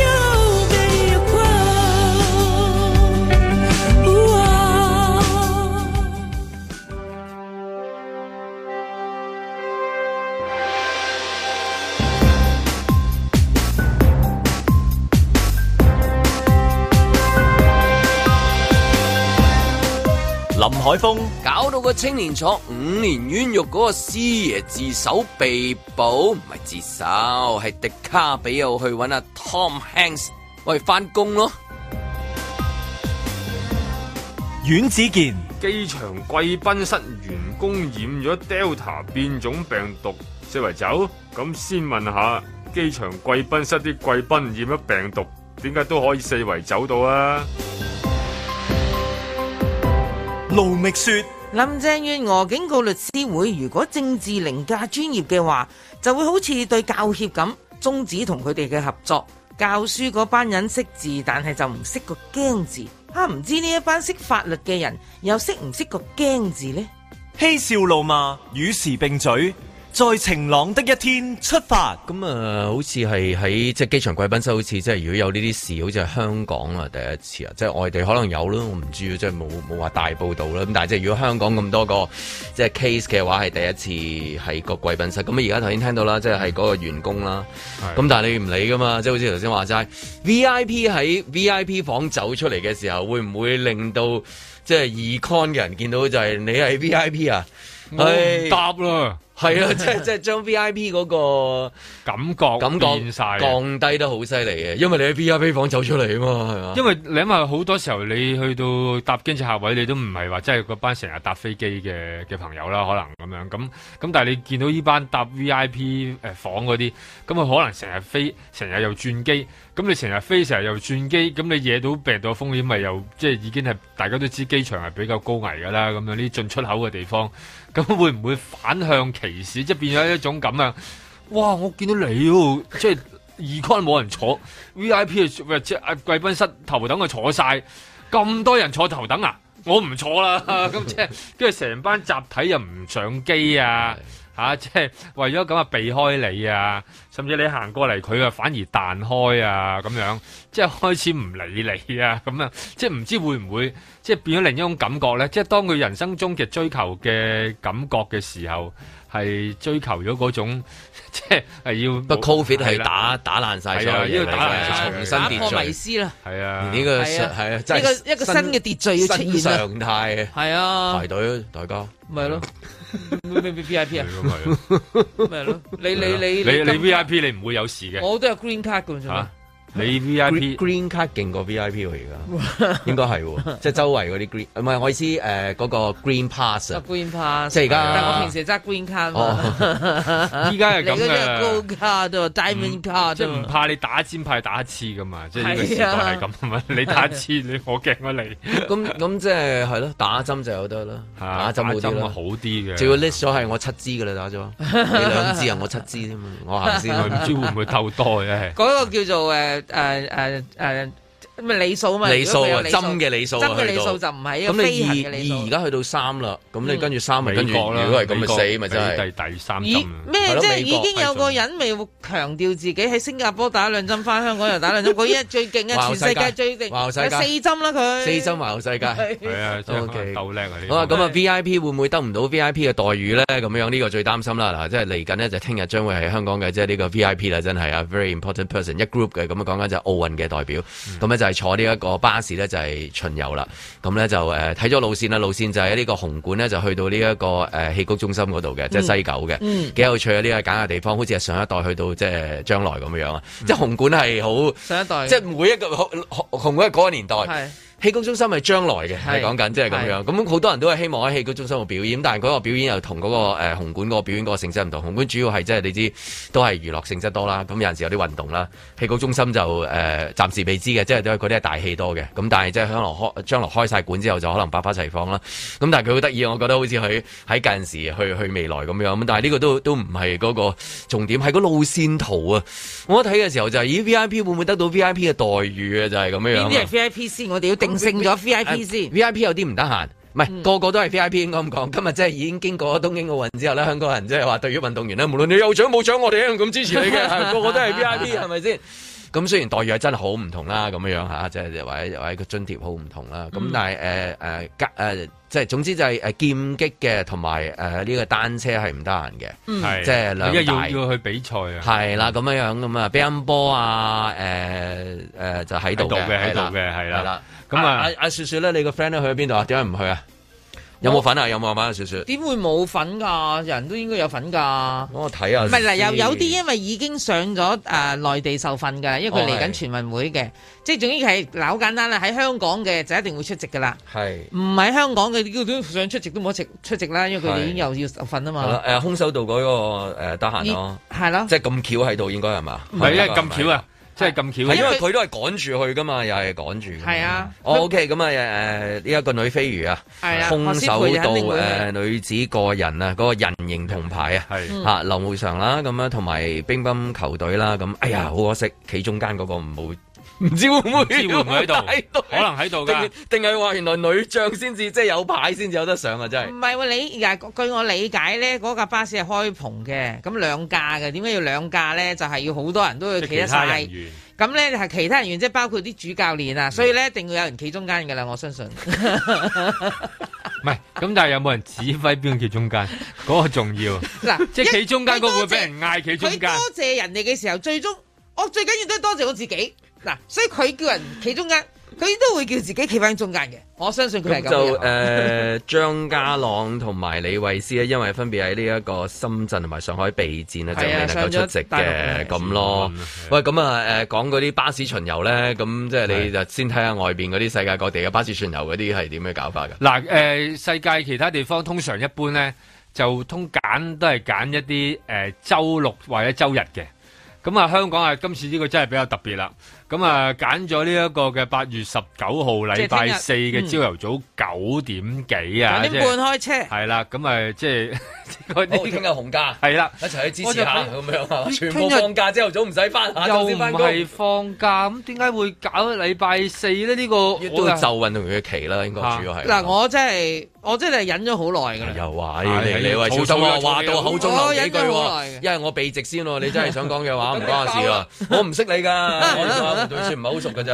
吳海峰搞到個青年坐五年冤獄，嗰個師爺自首被捕，唔係自首，係迪卡比奧去揾阿 Tom Hanks 喂翻工咯。阮子健，機場貴賓室員工染咗 Delta 變種病毒四圍走，咁先問下機場貴賓室啲貴賓染咗病毒，點解都可以四圍走到啊？盧覓雪：林鄭月娥警告律師會，如果政治凌駕專業嘅話，就會好似對教協咁，終止同佢哋嘅合作。教書嗰班人識字，但係就唔識個驚字。吓、啊，唔知呢一班識法律嘅人，又識唔識個驚字呢？嬉笑怒罵，與時並嘴。在晴朗的一天出發，咁啊、呃，好似係喺即係機場貴賓室好，好似即係如果有呢啲事，好似係香港啊，第一次啊，即係外地可能有咯，我唔知啊，即係冇冇話大報道啦。咁但係即係如果香港咁多個即係 case 嘅話，係第一次喺個貴賓室。咁而家頭先聽到啦，即係係嗰個員工啦，咁的但係你唔理噶嘛，即係好似頭先話齋 V I P 喺 V I P 房走出嚟嘅時候，會唔會令到即係、e、二 con 嘅人見到就係、是、你係 V I P 啊？唔答啦。係 啊，即係即係將 V I P 嗰、嗰個感覺變感覺降低得好犀利嘅，因為你喺 V I P 房走出嚟啊嘛，係啊，因為你諗下好多時候你去到搭經濟客位，你都唔係話真係個班成日搭飛機嘅嘅朋友啦，可能咁樣咁咁，但係你見到呢班搭 V I P 誒、呃、房嗰啲，咁佢可能成日飛，成日又轉機，咁你成日飛，成日又轉機，咁你惹到病到風險，咪又即係已經係大家都知機場係比較高危噶啦，咁樣呢進出口嘅地方，咁會唔會反向？歧視即係變咗一種咁啊！哇！我見到你哦，即係二 con 冇人坐，V I P 即係貴賓室頭等嘅坐晒，咁多人坐頭等啊！我唔坐啦，咁即係，跟住成班集體又唔上機啊！吓，即係為咗咁啊避開你啊，甚至你行過嚟佢啊反而彈開啊，咁樣即係開始唔理你啊，咁樣即係唔知會唔會即係變咗另一種感覺咧？即係當佢人生中嘅追求嘅感覺嘅時候，係追求咗嗰種即係係要不 COVID 係打打爛晒，係啊，要打爛重新秩序啦，係啊，呢個係啊，呢個一個新嘅秩序要出現啊，常態啊，係啊，排隊大家咪咯。唔會唔會 VIP 啊，啊？咪係咯，你你你你今你 VIP，你唔會有事嘅。我都有 green card 噶、啊。你 V I P Green 卡勁過 V I P 喎，而家應該係喎，即係周圍嗰啲 Green 唔係我意思誒，嗰個 Green Pass 啊，Green Pass，即家但我平時揸 Green 卡喎，依家係咁嘅。你嗰隻 Gold 卡，Diamond 卡，即係唔怕你打尖派打一次嘅嘛，即係呢個時代係咁你打一次你我驚乜你？咁咁即係係咯，打針就有得啦，打針好啲嘅。仲要 list 咗係我七支嘅啦，打咗你兩支啊，我七支啫嘛，我行先。唔知會唔會透袋。嘅係？嗰個叫做誒。誒誒誒，咪、啊啊啊、理數咪，針嘅理數、啊，針嘅理數、啊、就唔係。咁你二二而家去到三,三、嗯、着啦，咁你跟住三咪？跟住、如果係咁咪死咪即係。第三針咩、啊？即係已經有個人未？強調自己喺新加坡打兩針，返香港又打兩針，嗰一最勁嘅， 全，世界全世界最勁，四針啦佢。四針環球世界，係叻啊！好啊，咁啊 VIP 會唔會得唔到 VIP 嘅待遇咧？咁樣呢、呢個最擔心啦。嗱，即係嚟緊呢，就聽日將會係香港嘅，即係呢個 VIP 啦，真係啊，very important person，一 group 嘅咁樣講緊就係、係、奧運嘅代表。咁呢、嗯、就係坐呢一個巴士呢，就係、係、巡遊啦。咁呢就誒睇咗路線啦，路線就係呢個紅館呢，就去到呢、呢、一個誒戲曲中心嗰度嘅，即係西九嘅，幾、嗯嗯、有趣啊！呢、呢個揀嘅地方，好似係上一代去到。即係將來咁樣啊！嗯、即係紅館係好上一代，即係每一個紅館係嗰個年代。戲曲中心係將來嘅，你講緊即係咁樣，咁好是多人都係希望喺戲曲中心度表演，但係嗰個表演又同嗰、那個誒、呃、紅館嗰個表演個性質唔同。紅館主要係即係你知都係娛樂性質多啦，咁有陣時候有啲運動啦。戲曲中心就誒、呃、暫時未知嘅，即係都係嗰啲係大戲多嘅。咁但係即係將來開將來開晒館之後，就可能百花齊放啦。咁但係佢好得意，我覺得好似佢喺近時去去未來咁樣。咁但係呢個都都唔係嗰個重點，係個路線圖啊！我一睇嘅時候就係、是、咦 V I P 會唔會得到 V I P 嘅待遇啊？就係、是、咁樣。邊啲係 V I P 先？我哋要定升咗 V I P 先，V I P 有啲唔得閒，唔係、嗯、個個都係 V I P。應該咁講，今日即係已經經過東京奧運之後咧，香港人即係話對於運動員咧，無論你有獎冇獎，我哋一樣咁支持你嘅， 個個都係 V I P，係咪先？咁雖然待遇係真係好唔同啦，咁樣下，即係或者或者個津貼好唔同啦。咁、嗯、但係誒誒，呃呃即係總之就係誒劍擊嘅同埋誒呢個單車係唔得閒嘅，嗯、即係兩個。一要，要去比賽啊！係啦，咁樣樣咁啊，乒乓波啊，誒、呃、誒、呃、就喺度嘅，喺度嘅，係啦，係啦。咁啊，阿阿那、啊啊、雪雪咧，你個 friend 咧去咗邊度啊？點解唔去啊？有冇份啊？有冇啊？買少少。點會冇份㗎？人都應該有份㗎。我睇下。唔係嗱，又有啲因為已經上咗誒內地受訓㗎，因為佢嚟緊全運會嘅，即係總之係嗱，好簡單啦。喺香港嘅就一定會出席㗎啦。係。唔喺香港嘅，叫都想出席都冇得出席出席啦，因為佢哋已經又要受訓啊嘛。誒，空手道嗰個誒得閒咯。係咯。即係咁巧喺度，應該係嘛？唔係因為咁巧啊。即係咁因為佢都係趕住去㗎嘛，又係趕住。係啊。哦、oh,，OK，咁啊誒，呢一、呃這個女飛魚啊，啊空手道誒、啊呃、女子個人啊，嗰、那個人形銅牌啊，嚇、啊嗯啊、劉慕裳啦，咁啊同埋乒乓球隊啦，咁哎呀，好可惜，企中間嗰個唔好。唔知會唔會喺度， 可能喺度㗎。定係話原來女將先至即係有牌先至有得上啊！真係唔係喎，你而家據我理解咧，嗰架巴士係開篷嘅，咁兩架嘅，點解要兩架咧？就係要好多人都要企得晒。咁咧就係其他人員，即係包括啲主教練啊，的所以咧一定要有人企中間噶啦，我相信。唔係， 咁但係有冇人指揮邊 個企嘗中間？嗰個重要嗱，即係企中間嗰個會俾人嗌企中間。多謝人哋嘅時候，最終我最緊要都係多謝我自己。嗱、啊，所以佢叫人企中間，佢都會叫自己企翻喺中間嘅。我相信佢係咁。就誒、呃、 張家朗同埋李慧詩因為分別喺呢一個深圳同埋上海備戰呢的就未能夠出席嘅咁咯。的嗯、喂，咁啊誒、呃、講嗰啲巴士巡遊咧，咁即係你就先睇下外面嗰啲世界各地嘅巴士巡遊嗰啲係點樣搞法嘅？嗱、呃，世界其他地方通常一般咧，就通揀都係揀一啲周、呃、六或者周日嘅。咁啊，香港啊，今次呢個真係比較特別啦。咁啊，揀咗呢一個嘅八月十九號禮拜四嘅朝頭早九點幾啊，九點半開車。係啦，咁啊，即係呢嗰啲聽日紅假，係啦，一齊去支持下咁樣，全部放假朝頭早唔使翻。又唔係放假，咁點解會搞禮拜四咧？呢個都就運動員嘅期啦，應該主要係。嗱，我真係。我真係忍咗好耐噶，又話你你為話到口中留幾句喎，因為我避直先喎，你真係想講嘅話唔關我事啊，我唔識你噶，我同杜雪唔係好熟噶咋，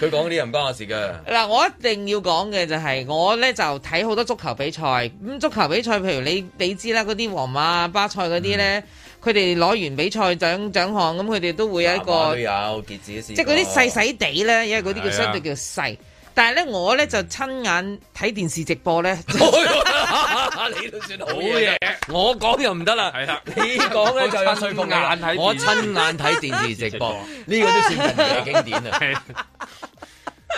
佢講嗰啲唔關我事噶。嗱，我一定要講嘅就係，我咧就睇好多足球比賽。咁足球比賽，譬如你你知啦，嗰啲皇馬巴塞嗰啲咧，佢哋攞完比賽獎獎項，咁佢哋都會有一個，有結字嘅事，即係嗰啲細細地咧，因為嗰啲叫相對叫細。但係咧，我咧就親眼睇電視直播咧， 你都算好嘢， 我講又唔得啦，係啦， 你講咧就有吹風眼，睇我親眼睇電視直播，呢 個都算人哋嘅經典 陣陣啊，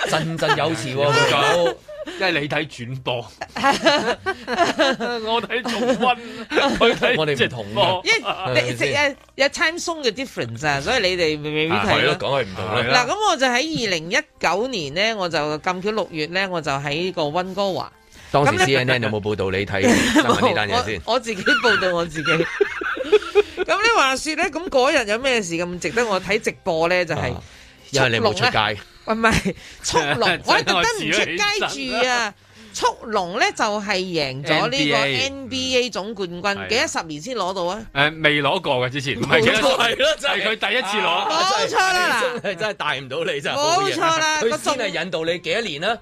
振振有詞喎，佢就。即係你睇轉播，我睇重溫，我哋即係同播，一直有有有 time zone 嘅 difference 啊，所以你哋未必睇咯。講係唔同啦。嗱，咁我就喺二零一九年咧，我就咁巧六月咧，我就喺個溫哥華。當時 CNN 有冇報道你睇呢單嘢先？我自己報道我自己。咁你話說咧，咁嗰日有咩事咁值得我睇直播咧？就係因為你冇出街。唔係，速龍，我喺特登唔出街住啊！速龍咧就係贏咗呢個 NBA 總冠軍，幾多十年先攞到啊？誒，未攞過嘅之前，唔係幾多？係咯，就係佢第一次攞，冇錯啦！真係真係帶唔到你咋，冇錯啦！佢先係引導你幾多年啊？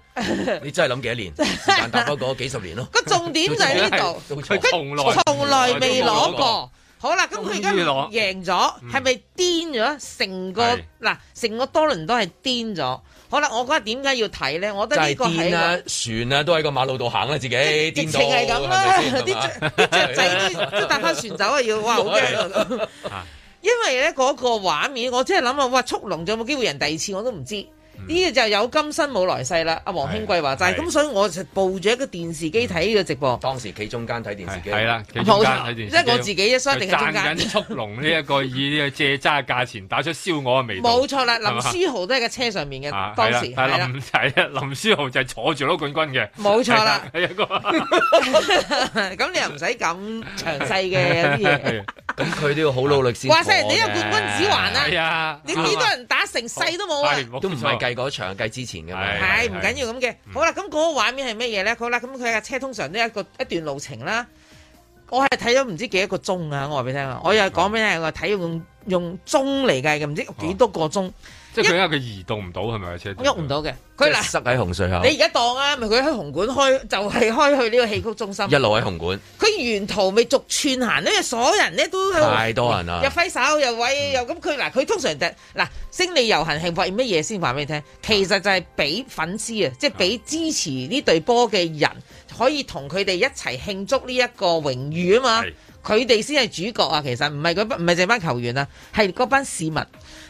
你真係諗幾多年？難達嗰個幾十年咯？個重點就係呢度，佢從來從來未攞過。好啦，咁佢而家贏咗，係咪癲咗？成、嗯、個嗱，成個多倫多係癲咗。好啦，我覺得點解要睇咧？我覺得呢個係啊，船啊，都喺個馬路度行極到啦，自己。疫情係咁啦，啲啲雀仔都 搭翻船走啊，要哇，好驚啊！ 因為咧嗰個畫面，我真係諗下，哇，速龍仲有冇機會贏第二次我都唔知。呢個就有今生冇來世啦！阿黃興貴話就係咁，所以我就抱住一個電視機睇呢個直播。當時企中間睇電視機，係啦，即係我自己，所以掙緊速龍呢一個以呢個借揸價錢打出燒鵝嘅味道。冇錯啦，林書豪都喺個車上面嘅當時係林係啊，林書豪就係坐住攞冠軍嘅。冇錯啦，咁你又唔使咁詳細嘅一啲嘢。咁佢都要好努力先。哇塞！你有冠軍指環啊？係啊！你幾多人打成世都冇啊？都唔係計。嗰場計之前嘅嘛，係唔緊要咁嘅。好啦，咁嗰個畫面係咩嘢咧？好啦，咁佢架車通常都一個一段路程啦。我係睇咗唔知幾多個鐘啊！我話俾你聽啊！嗯、我又講俾你聽，我睇用用鐘嚟計嘅，唔知幾多個鐘。哦即係佢而家佢移動唔到係咪？車喐唔到嘅，佢啦塞喺紅隧口。你而家當啊，咪佢喺紅館開，就係、是、開去呢個戲曲中心。一路喺紅館，佢沿途咪逐寸行呢，因為所有人咧都太多人啦，又揮手又位，又咁、嗯。佢嗱佢通常就嗱勝利遊行係為乜嘢先話俾你聽？其實就係俾粉絲啊，即係俾支持呢隊波嘅人可以同佢哋一齊慶祝呢一個榮譽啊嘛。佢哋先係主角啊，其實唔係嗰班唔係淨班球員啊，係嗰班市民。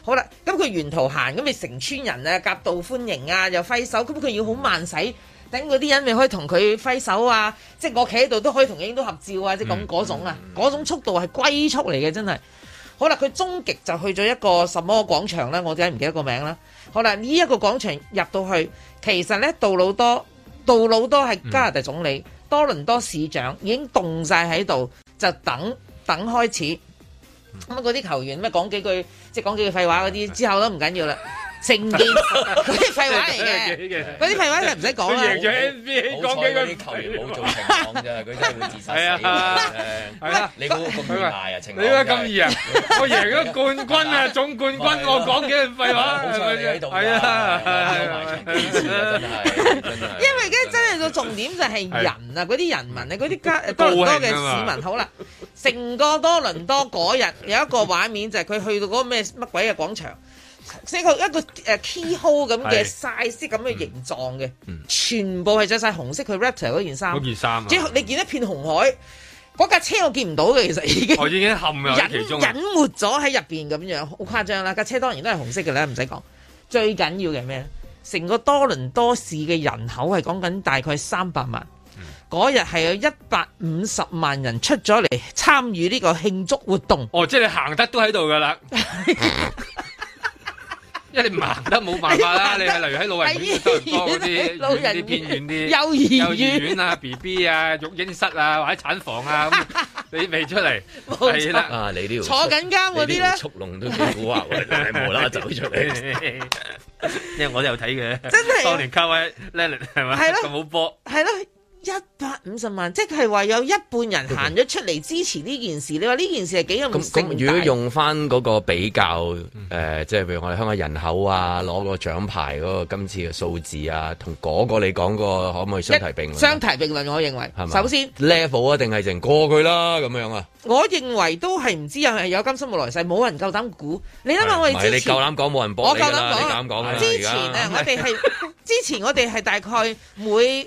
好啦，咁、嗯、佢沿途行，咁咪成村人啊，夾道歡迎啊，又揮手，咁佢要好慢駛，等嗰啲人咪可以同佢揮手啊，即我企喺度都可以同影都合照啊，即咁嗰種啊，嗰、嗯、種速度係龜速嚟嘅真係。好啦，佢終極就去咗一個什麼廣場咧，我點解唔記得個名啦。好啦，呢、這、一個廣場入到去，其實咧杜魯多，杜魯多係加拿大總理、嗯、多倫多市長已經棟晒喺度，就等等開始。咁啊，嗰啲球員咩講幾句，即係講幾句廢話嗰啲，之後都唔緊要啦。成啲嗰啲廢話嚟嘅，嗰啲廢話你唔使講啦。佢贏咗 NBA，冇錯，嗰啲球員冇做情況啫，佢真係會自殺。係啊，係啊，你估咁易啊？你咁易啊？我贏咗冠軍啊，總冠軍，我講幾句廢話。冇錯，你喺度啊？係啊，係啊，因為而家真係個重點就係人啊，嗰啲人民啊，嗰啲加多倫多嘅市民，好啦，成個多倫多嗰日有一個畫面就係佢去到嗰個咩乜鬼嘅廣場。成個一個誒 key hole 咁嘅 size 咁嘅形狀嘅，是嗯嗯、全部係着晒紅色。佢 Raptor 嗰件衫，即、啊、你見一片紅海。架、嗯、車我見唔到嘅，其實已經已經陷入了其中隱，隱沒咗喺入邊咁樣，好誇張啦！架車當然都係紅色嘅啦，唔使講。最緊要嘅係咩？成個多倫多市嘅人口係講緊大概三百萬。嗰日係有一百五十萬人出咗嚟參與呢個慶祝活動。哦，即係你行得都喺度噶啦。 因為你盲得冇辦法啦，你係例如喺老人院都唔多嗰啲，啲偏遠啲、幼兒園啊、B B 啊、育嬰室啊或者產房啊，你未出嚟係啦，啊你呢度坐緊監嗰啲咧，速龍都幾古惑，無啦啦走出嚟，因為我都有睇嘅，真係當年卡威叻力係咪，咁冇搏，係咯。一百五十萬，即係話有一半人行咗出嚟支持呢件事。你話呢件事係幾咁盛大？咁如果用翻嗰個比較，即係譬如我哋香港人口啊，攞個獎牌嗰個今次嘅數字啊，同嗰個你講個可唔可以相提並論？相提並論，我認為。係嘛？首先 level 啊，一定係成過佢啦，咁樣啊？我認為都係唔知有有今生冇來世，冇人夠膽估。你諗下我哋，你夠膽講，冇人博，我夠膽講，之前我哋係之前我哋係大概每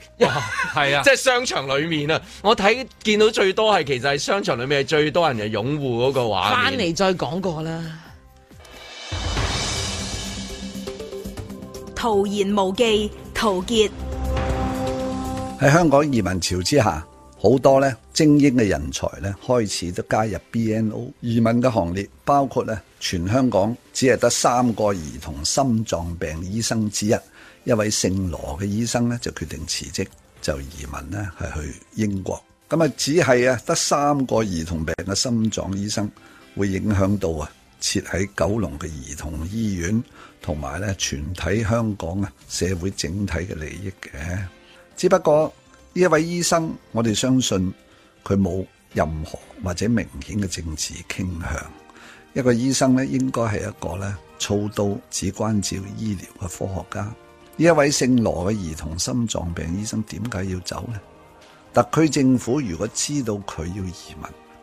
哇，係啊，即係商場裏面啊，我睇見到最多係，其實係商場裏面係最多人嘅擁護嗰個畫面。翻嚟再講過啦。陶言無忌，陶傑喺香港移民潮之下，好多咧精英嘅人才咧開始都加入 BNO 移民嘅行列，包括咧全香港只係得三個兒童心臟病醫生之一。一位姓羅嘅醫生咧，就決定辭職，就移民咧，係去英國。咁啊，只係啊得三個兒童病嘅心臟醫生，會影響到啊設喺九龍嘅兒童醫院，同埋咧全體香港啊社會整體嘅利益嘅。只不過呢一位醫生，我哋相信佢冇任何或者明顯嘅政治傾向。一個醫生咧，應該係一個咧操刀只關照醫療嘅科學家。呢一位姓羅嘅兒童心臟病醫生點解要走呢？特區政府如果知道佢要移民，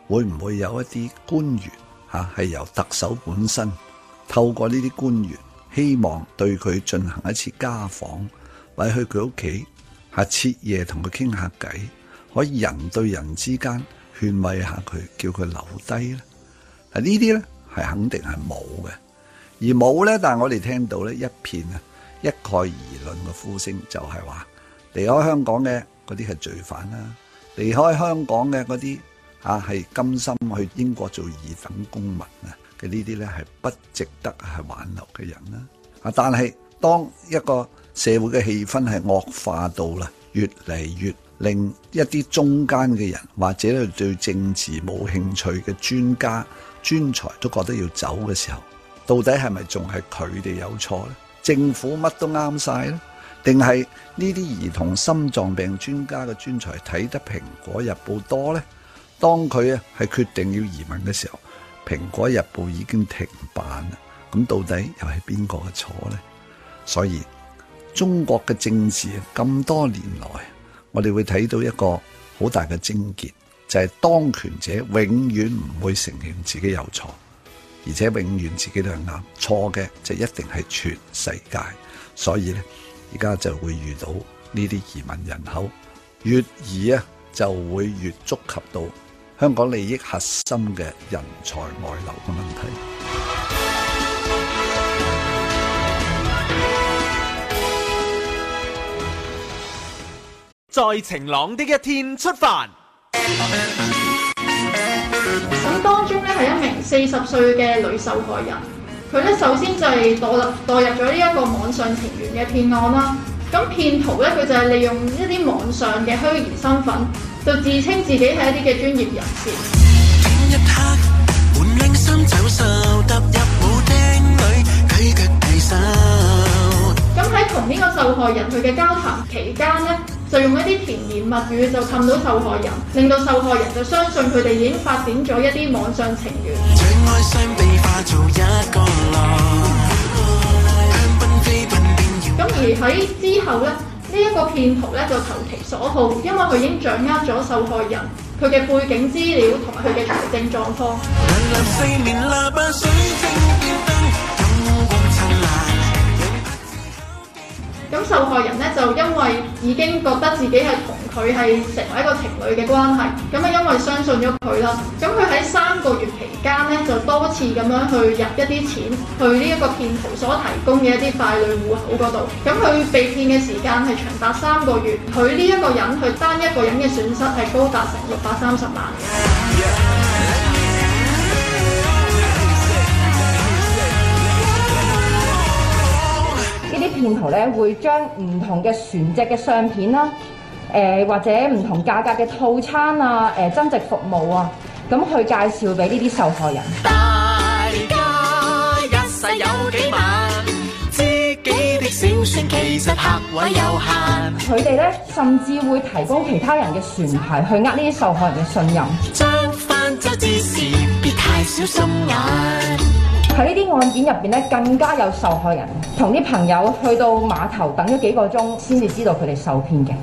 會唔會有一啲官員吓，係由特首本身透過呢啲官員，希望對佢進行一次家訪，或者去佢屋企吓，徹夜同佢傾下偈，可以人對人之間勸慰下佢，叫佢留低咧？啊，呢啲咧，係肯定係冇嘅，而冇咧，但係我哋聽到咧一片啊！一概而論嘅呼聲就係話離開香港嘅嗰啲係罪犯啦，離開香港嘅嗰啲啊係甘心去英國做二等公民啊嘅呢啲咧係不值得係挽留嘅人啦。啊，但係當一個社會嘅氣氛係惡化到啦，越嚟越令一啲中間嘅人或者咧對政治冇興趣嘅專家專才都覺得要走嘅時候，到底係咪仲係佢哋有錯咧？政府乜都啱晒咧，定係呢啲兒童心臟病專家嘅專才睇得《蘋果日報》多呢？當佢啊係決定要移民嘅時候，《蘋果日報》已經停辦啦。咁到底又係邊個嘅錯呢？所以中國嘅政治咁多年來，我哋會睇到一個好大嘅症結，就係當權者永遠唔會承認自己有錯。而且永遠自己都係啱錯嘅，就一定係全世界。所以咧，而家就會遇到呢啲移民人口越移啊，就會越觸及到香港利益核心嘅人才外流嘅問題。在晴朗的一天出發，咁當中咧係因四十歲嘅女受害人，佢咧首先就係墮入墮入咗呢一個網上情緣嘅騙案啦。咁騙徒咧，佢就係利用一啲網上嘅虛擬身份，就自稱自己係一啲嘅專業人士。咁喺同呢個受害人佢嘅交談期間呢，就用一啲甜言蜜語就氹到受害人，令到受害人就相信佢哋已經發展咗一啲網上情緣。咁而喺之後呢，呢、這、一個騙徒咧就投其所好，因為佢已經掌握咗受害人佢嘅背景資料同佢嘅財政狀況。 咁受害人咧就因為已經覺得自己係同佢係成為一個情侶嘅關係，咁啊因為相信咗佢啦，咁佢喺三個月期間咧就多次咁樣去入一啲錢去呢一個騙徒所提供嘅一啲傀儡戶口嗰度，咁佢被騙嘅時間係長達三個月，佢呢一個人佢單一個人嘅損失係高達成六百三十萬。騙徒咧會將唔同嘅船隻嘅相片啦，誒、呃、或者唔同價格嘅套餐啊，誒、呃、增值服務啊，咁去介紹俾呢啲受害人。大家一世有幾晚，自己的小船其實客位有限。佢哋咧甚至會提供其他人嘅船牌去呃呢啲受害人嘅信任。將犯走之時，別太小心眼。喺呢啲案件入邊咧，更加有受害人同啲朋友去到碼頭等咗幾個鐘先至知道佢哋受騙嘅。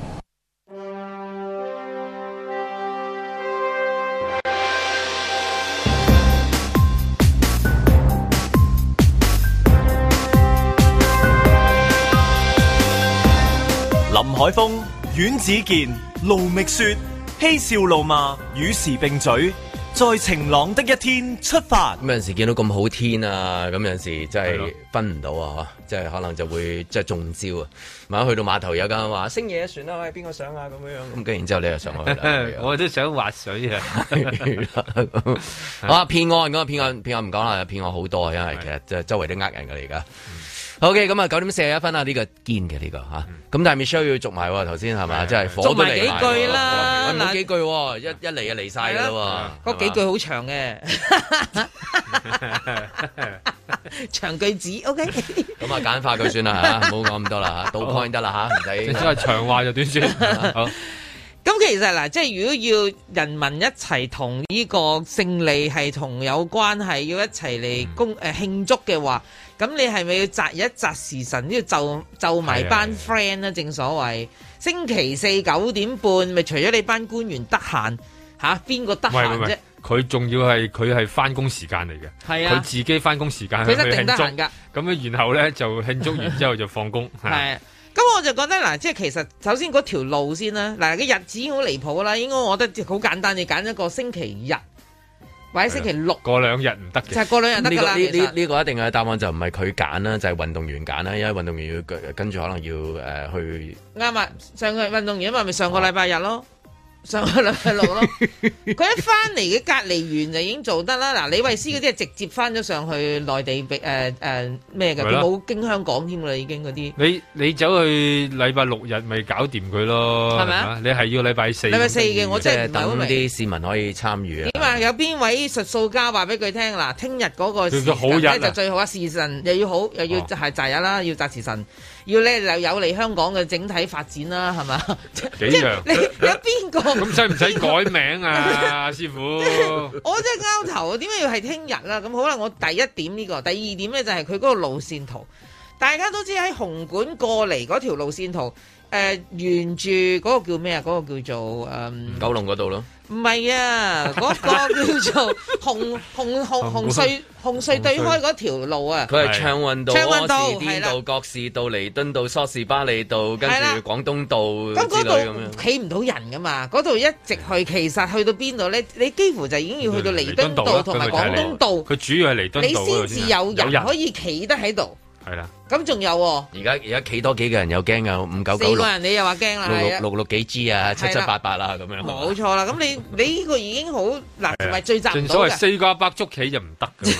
林海峰、阮子健、盧覓雪、嬉笑怒罵與時並嘴。在晴朗的一天出發。咁有陣時見到咁好天啊，咁有陣時真係分唔到啊，即係 可能就會即、即係、中招啊。萬一去到碼頭有間話星夜船啦，啊，喂，邊個上啊？咁樣咁，跟然之後你又上落去 我都 想滑水啊！ 好啊，的騙案咁啊，騙案騙案，唔講啦，騙案好的多啊，因為其實即係周圍都呃人噶而家。好 k 咁啊，九點四十一分啊，呢個堅嘅呢個吓，咁但係 Michelle 要續埋，頭先係嘛，即係火都嚟埋，幾句啦，搵多幾句，一一嚟就嚟晒噶啦，嗰幾句好長嘅，長句子，OK，咁啊簡化佢算啦，吓，唔好講咁多啦，吓，倒 coin 得啦，吓，唔使，即係長話就短說，好。咁其實嗱，即係如果要人民一齊同呢個勝利係同有關係，要一齊嚟公誒慶祝嘅話。咁你係咪要擇一擇時辰要就就埋班 friend 咧、啊？正所謂星期四九點半，咪除咗你班官員得閒吓，邊個得閒啫？佢仲要係佢係翻工時間嚟嘅，係啊，佢自己翻工時間佢定得閒噶。咁然後咧就慶祝完之後就放工。係咁、 啊、我就覺得嗱，即係其實首先嗰條路先啦，嗱啲日子好離譜啦，應該我覺得好簡單，你揀一個星期日。喺星期六過兩日唔得嘅，就係過兩日得㗎啦。呢呢個一定嘅答案就唔係佢揀啦，就係、是、運動員揀啦，因為運動員要跟住可能要、呃、去。啱啊，上個運動員咪咪上個禮拜日咯。啊。上去禮拜六咯，佢一翻嚟嘅隔離完就已經做得啦。嗱，李慧詩嗰啲係直接翻咗上去內地俾誒誒咩嘅，冇經香港添啦，已經嗰啲。你你走去禮拜六日咪搞掂佢咯，係咪啊？你係要禮拜四。禮拜四嘅，我真係唔係好明。啲市民可以參與啊。點啊？有邊位術數家話俾佢聽嗱？聽日嗰個時辰就最好啊！時辰又要好，又要係擇日啦，要擇時辰。要咧就有利香港嘅整體發展啦，係嘛？幾樣你？有邊個咁使唔使改名啊，師傅父、 就係？我真係拗頭，點解要係聽日啦？咁好啦，我第一點呢、呢個，第二點咧就係佢嗰個路線圖，大家都知喺紅館過嚟嗰條路線圖。誒，沿住嗰個叫咩啊？嗰個叫做誒，九龍嗰度咯。唔係啊，嗰個叫做紅紅紅紅隧紅隧對開嗰條路啊。佢係暢運道、暢運道、天道、國士道、彌敦道、梳士巴利道，跟住廣東道。咁嗰度企唔到人噶嘛？嗰度一直去，其實去到邊度咧？你幾乎就已經要去到彌敦道同埋廣東道。佢主要係彌敦道。你先至有人可以企得喺度。係啦，咁仲有喎？而家而家企多幾個人又驚啊，五九九六四個人，你又話驚啦，六六六六幾支啊，七七八八啦咁樣。冇錯啦，咁你你呢個已經好嗱，唔係最集中嘅。所謂四架白捉棋就唔得嘅，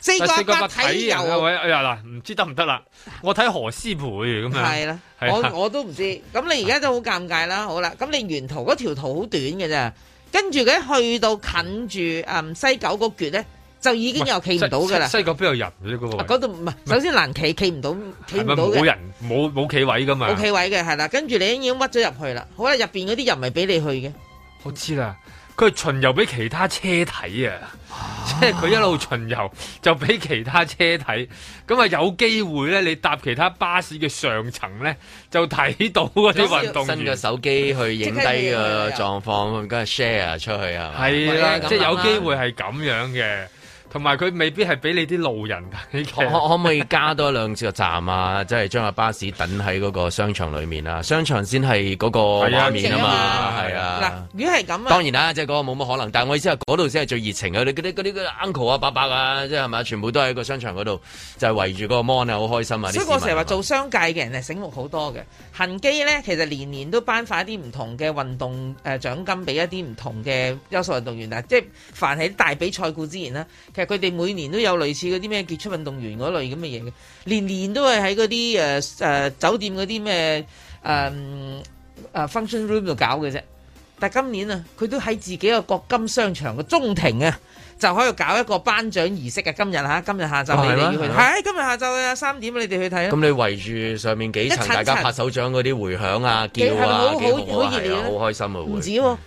四架白睇油啊，位哎呀嗱，唔知得唔得啦？我睇何思培咁樣。係啦，我我都唔知。咁你而家都好尷尬啦。好啦，咁你沿途嗰條圖好短嘅啫，跟住佢去到近住誒西九嗰橛咧。就已經又企唔到噶啦，西角邊有人嗰嗰嗰度唔係，首先難企，企唔到，企唔到，冇人，冇冇企位噶嘛？冇企位嘅，係啦。跟住你已經屈咗入去啦。好啦，入面嗰啲人唔係俾你去嘅。我知啦，佢巡遊俾其他車睇啊， 即係佢一路巡遊就俾其他車睇，咁啊有機會咧，你搭其他巴士嘅上層咧就睇到嗰啲運動員。新嘅手機去影低個狀況，梗係 share 出去啊。係啦，即係有機會係咁樣嘅。同埋佢未必係俾你啲路人噶， 可可唔可以加多兩次個站啊？即係將個巴士等喺嗰個商場裡面啊。商場先係嗰個畫面啊嘛，係啊。嗱、啊，啊啊、如果係咁啊，當然啦、啊，即係嗰個冇乜可能。但係我意思係嗰度先係最熱情啊！你嗰啲啲 uncle 啊、伯伯啊，即係係咪全部都喺個商場嗰度，就係、是、圍住個 mon 啊，好開心啊！不過成日話做商界嘅人係醒目好多嘅。恆基咧，其實年年都頒發一啲唔同嘅運動誒獎、呃、金俾一啲唔同嘅優秀運動員啊！即係凡係大比賽故之言呢。佢哋每年都有類似嗰啲咩傑出運動員嗰類咁嘅嘢嘅，年年都係喺嗰啲誒誒酒店嗰啲咩誒誒 function room 度搞嘅啫。但係今年啊，佢都喺自己個國金商場嘅中庭啊，就喺度搞一個頒獎儀式啊。今日嚇、啊，今日下晝你哋要去，係、啊啊啊、今日下晝啊三點，你哋去睇、啊。咁你圍住上面幾層，大家拍手掌嗰啲迴響啊、叫好熱烈啊，是是好開心啊，會。嗯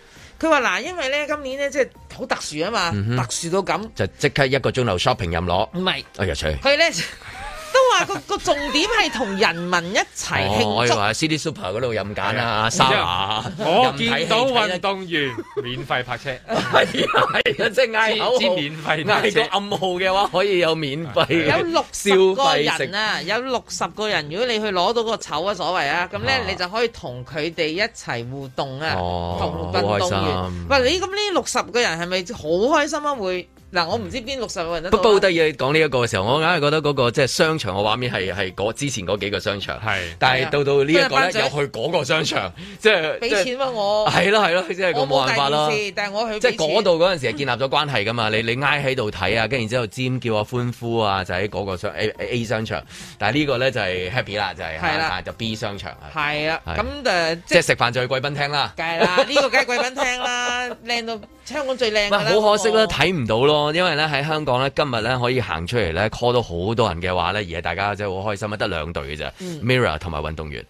佢話嗱，因為咧今年咧即係好特殊啊嘛，嗯、哼特殊到咁就即刻一個鐘頭 shopping 任攞，唔係是，哎呀，除，去咧呢。 都話個個重點係同人民一齊慶祝。我可以話 City Super 嗰度任揀啊。沙瓦的。啊、我見到運動員免費泊車，係啊， 即係嗌支免費，嗌個暗號嘅話可以有免費，費。有六十個人啊，有六十個人，如果你去攞到個籌啊，所謂啊，咁咧你就可以同佢哋一齊互動啊，同運、哦、動員。喂，你咁呢六十個人係咪好開心啊？會？嗱，我唔知邊六十個人。不不，得意講呢一個嘅時候，我硬係覺得嗰個即係商場嘅畫面係係之前嗰幾個商場。係，但係到到呢一個咧，又去嗰個商場，即係俾錢啊我。係咯係咯，即係我冇辦法啦。但係我去即係嗰度嗰陣時係建立咗關係噶嘛。你你挨喺度睇啊，跟住然之後尖叫啊、歡呼啊，就喺嗰個商 A A 商場。但係呢個咧就係 happy 啦，就係係啦，就 B 商場。係啊，咁誒即係食飯就去貴賓廳啦。梗係啦，呢個梗係貴賓廳啦，靚到香港最靚。唔好可惜啦，睇唔到咯。因為咧喺香港咧，今日咧可以行出嚟咧 call 到好多人嘅話咧，而係大家真係好開心，得兩隊嘅啫，Mirror 同埋運動員。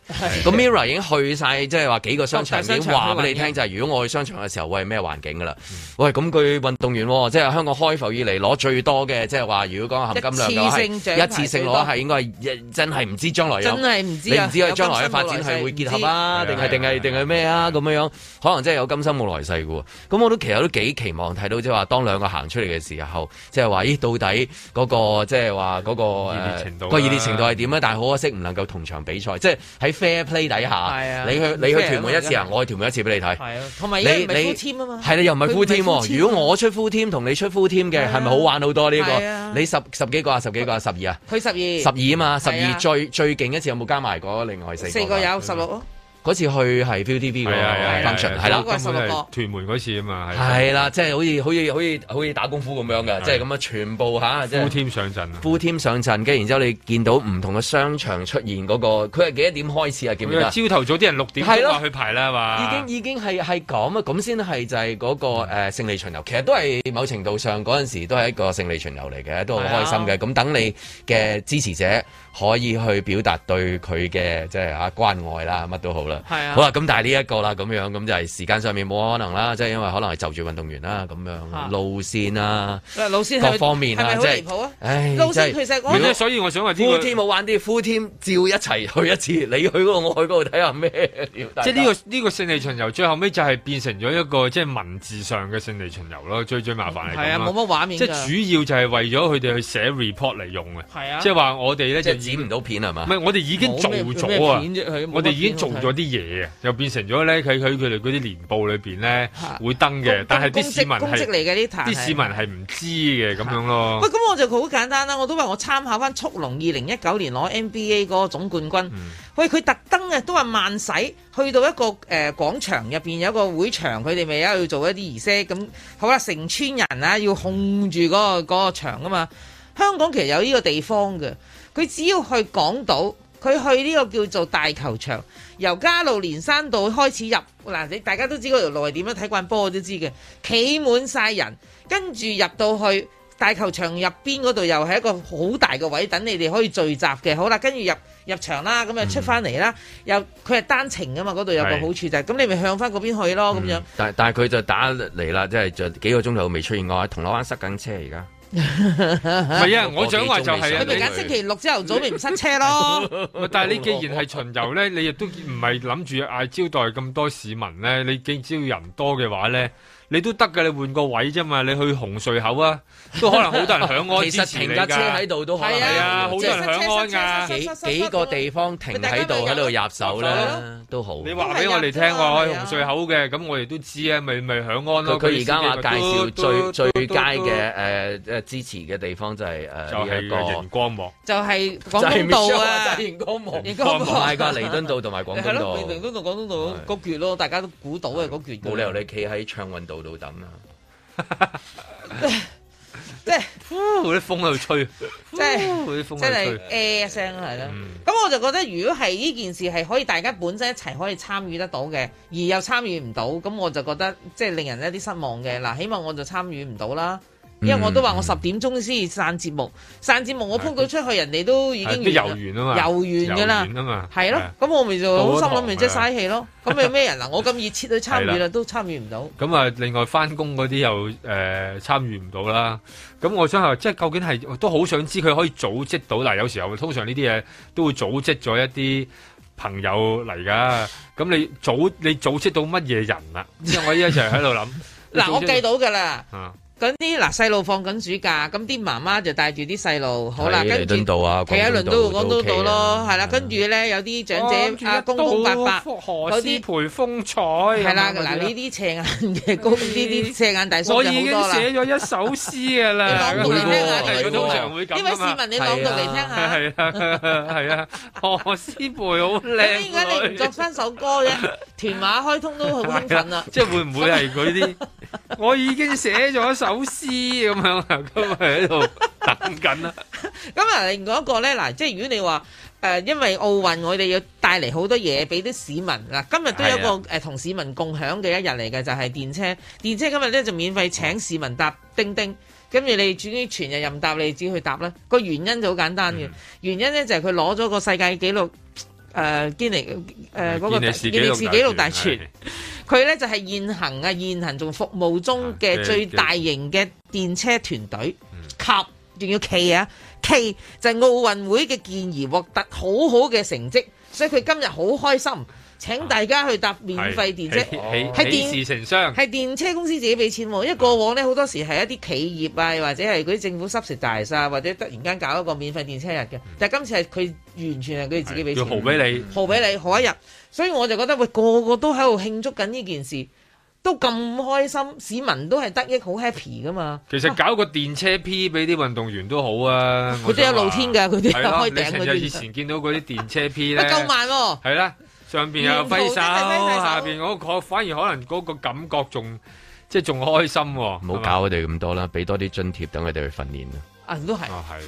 咁 Mirror 已經去晒，即係話幾個商場，已經話俾你聽就係：如果我去商場嘅時候，會係咩環境㗎啦？喂，咁佢運動員即係香港開埠以嚟攞最多嘅，即係話如果講含金量，一次性攞係應該真係唔知將來有，真係唔知你唔知佢將來嘅發展係會結合啊，定係定係定係咩啊？咁樣樣可能真係有今生冇來世嘅喎。咁我都其實都幾期望睇到即係話當兩個行出嚟嘅。時候即係話，咦？到底嗰個即係話嗰個誒，個熱烈程度係點咧？但係好可惜，唔能夠同場比賽，即係喺 fair play 底下，你去你去屯門一次啊，我去屯門一次俾你睇。係啊，同埋你，你，唔係 full team 啊嘛，係你又唔係 full team？如果我出 full team 同你出 full team 嘅，係咪好玩好多呢個？你十十幾個啊，十幾個啊，十二啊，佢十二，十二嘛，十二最最勁一次有冇加埋嗰另外四個？四個有，十六。嗰次去係 ViuTV 嘅 function，係啦，嗰個屯門嗰次啊嘛，係啦，即係好似好似好似好似打功夫咁樣嘅，即係咁啊，全部嚇，即係呼添上陣，呼添上陣，跟住然之後你見到唔同嘅商場出現嗰個，佢係幾多點開始啊？見到？朝頭早啲人六點掛去排啦嘛，已經已經係係咁啊，咁先係就係嗰個誒勝利巡遊，其實都係某程度上嗰陣時都係一個勝利巡遊嚟嘅，都好開心嘅。咁等你嘅支持者。可以去表達對佢嘅即係啊關愛啦，乜都好啦。係啊。好啊，咁但係呢一個啦，咁樣咁就係時間上面冇可能啦，即係因為可能係就住運動員啦，咁樣路線啊，各方面啊，即係好離譜啊！唉，即係。咁所以我想話啲。full team 玩啲 full team 照一齊去一次，你去嗰度我去嗰度睇下咩？即係呢個呢個勝利巡遊最後尾就係變成咗一個即係文字上嘅勝利巡遊咯，最最麻煩係。係啊，冇乜畫面。即係主要就係為咗佢哋去寫 report 嚟用嘅。係啊。即係話我哋咧就。剪唔到片係嘛？唔係、嗯吧，我哋已經做咗啊！我哋已經做咗啲嘢，又變成咗咧佢佢佢哋嗰啲年報裏面咧、啊、會登嘅。公但係啲市民，公職嚟嘅啲啲市民係唔知嘅咁、啊、樣咯。喂、嗯，咁我就好簡單啦。我都話我參考翻速龍二零一九年攞 NBA 嗰個總冠軍。嗯、喂，佢特登啊，都話慢洗去到一個誒、呃、廣場入面，有一個會場，佢哋咪而家要做一啲儀式。咁好啦，成村人啊，要控住嗰、那個嗯、個場場啊嘛。香港其實有呢個地方嘅。佢只要去港島，佢去呢個叫做大球場，由加路連山道開始入嗱，你大家都知嗰條路係點樣，睇慣波我都知嘅，企滿晒人，跟住入到去大球場入邊嗰度又係一個好大嘅位等你哋可以聚集嘅，好啦，跟住入入場啦，咁啊出翻嚟啦，嗯、又佢係單程㗎嘛，嗰度有個好處就係、是，咁是你咪向翻嗰邊去咯咁、嗯、樣。但但係佢就打嚟啦，即係就幾個鐘頭未出現過我喺銅鑼灣塞緊車而家。唔係 啊，我想話就係、是、啊，佢咪揀星期六朝頭早咪唔塞車咯。但係你既然係巡遊咧， 你亦都唔係諗住嗌招待咁多市民咧，你既知道人多嘅話咧。你都得嘅，你換個位啫嘛！你去紅隧口啊，都可能好多人響安支持你㗎。其實停架車喺度都係啊，好多人響安㗎。幾幾個地方停喺度喺度入手咧都好。你話俾我哋聽話喺紅隧口嘅，咁我哋都知啊，咪咪響安咯。佢而家話介紹最最佳嘅誒誒支持嘅地方就係誒，就係陽光幕，就係港島啊，陽光幕，陽光幕，泰彌敦道同埋廣東道，彌敦道、廣東道個橛咯，大家都估到啊，個橛。冇理由你企喺暢運道。到抌啦，即係嗰啲風喺度吹，即係嗰啲風喺度吹，誒一聲係咯。咁我就覺得，如果係呢件事係可以大家本身一齊可以參與得到嘅，而又參與唔到，咁我就覺得即係令人一啲失望嘅。嗱，起碼我就參與唔到啦。因為我都話我十點鐘先散節目，散節目我鋪佢出去，人哋都已經遊完啊嘛，遊完㗎啦，係咯，咁我咪就好心諗，咪即係嘥氣咯。咁有咩人嗱？我咁熱切去參與啦，都參與唔到。咁啊，另外返工嗰啲又誒參與唔到啦。咁我想啊，即係究竟係都好想知佢可以組織到嗱。有時候通常呢啲嘢都會組織咗一啲朋友嚟㗎。咁你組你組織到乜嘢人啊？即係我依家就喺度諗嗱，我計到㗎啦。咁啲嗱細路放緊暑假，咁啲媽媽就帶住啲細路，好啦，跟住，企喺倫敦道、廣州道咯，係啦，跟住咧有啲長者啊，公公伯伯，何詩蓓風采，係啦，嗱呢啲斜眼嘅公，呢啲斜眼大叔就好多啦。我已經寫咗一首詩嘅啦，講讀嚟聽下，你通常會咁啊？呢位市民，你講讀嚟聽下。係啊，係啊，何詩蓓好靚。點解你唔作翻首歌嘅？屯馬開通都好興奮啊！即係會唔會係嗰啲？我已經寫咗。走私咁樣，今日喺度等緊啦。咁啊，另外一個呢，嗱，即係如果你話誒、呃，因為奧運我哋要帶嚟好多嘢俾啲市民。嗱，今日都有一個誒同的、呃、市民共享嘅一日嚟嘅，就係、是、電車。電車今日呢，就免費請市民搭叮叮。跟住你至於全日任搭，你自己去搭啦。個原因就好簡單嘅，嗯、原因呢，就係佢攞咗個世界紀錄。誒健靈，誒嗰個健靈史紀錄大全，佢 呢就係、係、現行啊現行仲服務中嘅最大型嘅電車團隊， 及仲要騎啊騎就係奧運會嘅健兒獲得好好嘅成績，所以佢今日好開心。 請大家去搭免費電車，喺電視城商，係電車公司自己俾錢喎。因為過往咧好多時係一啲企業啊，或者係嗰啲政府濕食大沙，或者突然間搞一個免費電車日嘅。嗯、但係今次係佢完全係佢哋自己俾錢，豪俾你，豪俾你豪一日。所以我就覺得喂，個個都喺度慶祝緊呢件事，都咁開心，市民都係得益好 happy 噶嘛。其實搞個電車 P 俾啲運動員都好啊，佢、啊、都有露天嘅，佢啲有的開頂嗰以前見到嗰啲電車 P 咧， 慢、啊，係啦。上邊又揮手，下邊我反而可能嗰個感覺仲即係仲開心喎，唔好搞佢哋咁多啦，俾多啲津貼等佢哋去訓練啦。啊，都係，